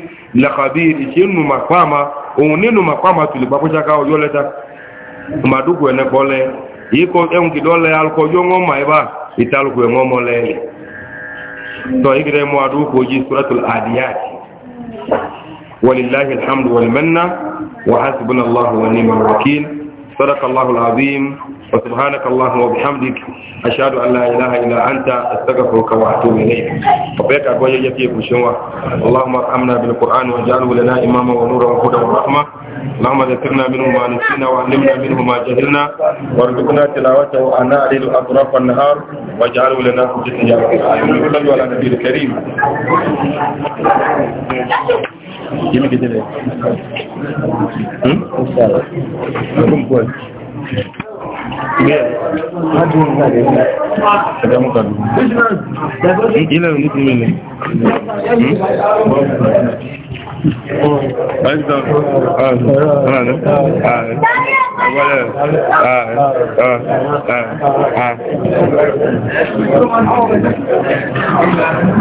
yìí lakabir ìṣe nù mà pàmà òun nínú mà pàmà tùlù pàpọ́ṣáká ọjọ́ lẹ́ta màdúkù ẹ̀nẹ́ pọ́lẹ́ yíkọ ẹ̀hùn kìdọ́ lẹ alukọjọ́ wọn mà ẹ̀bá ìtàlùkù ẹ̀ wọn mọ́ lẹ́lẹ̀ tọ́ ìgbẹ́ mọ́ adúkù ojú suratul adiyat walilahi alhamdu walimanna wa hasbunallahu wa ni'mal wakil sadaqallahu alazim وسبحانك اللهم وبحمدك أشهد أن لا إله إلا أنت أستغفرك وأتوب إليك وبيك أقول يجي بشوا اللهم ارحمنا بالقرآن واجعله لنا إماما ونورا وهدى ورحمة اللهم ذكرنا منه ما نسينا وعلمنا منه ما جهلنا وارزقنا تلاوته وأنا الليل أطراف النهار واجعله لنا حجة يا رب العالمين صلوا على النبي الكريم
Jimmy Gidele. Hmm? ilẹ̀ òní
ti mẹ́lẹ̀ Ẹjọ́ ọ̀rọ̀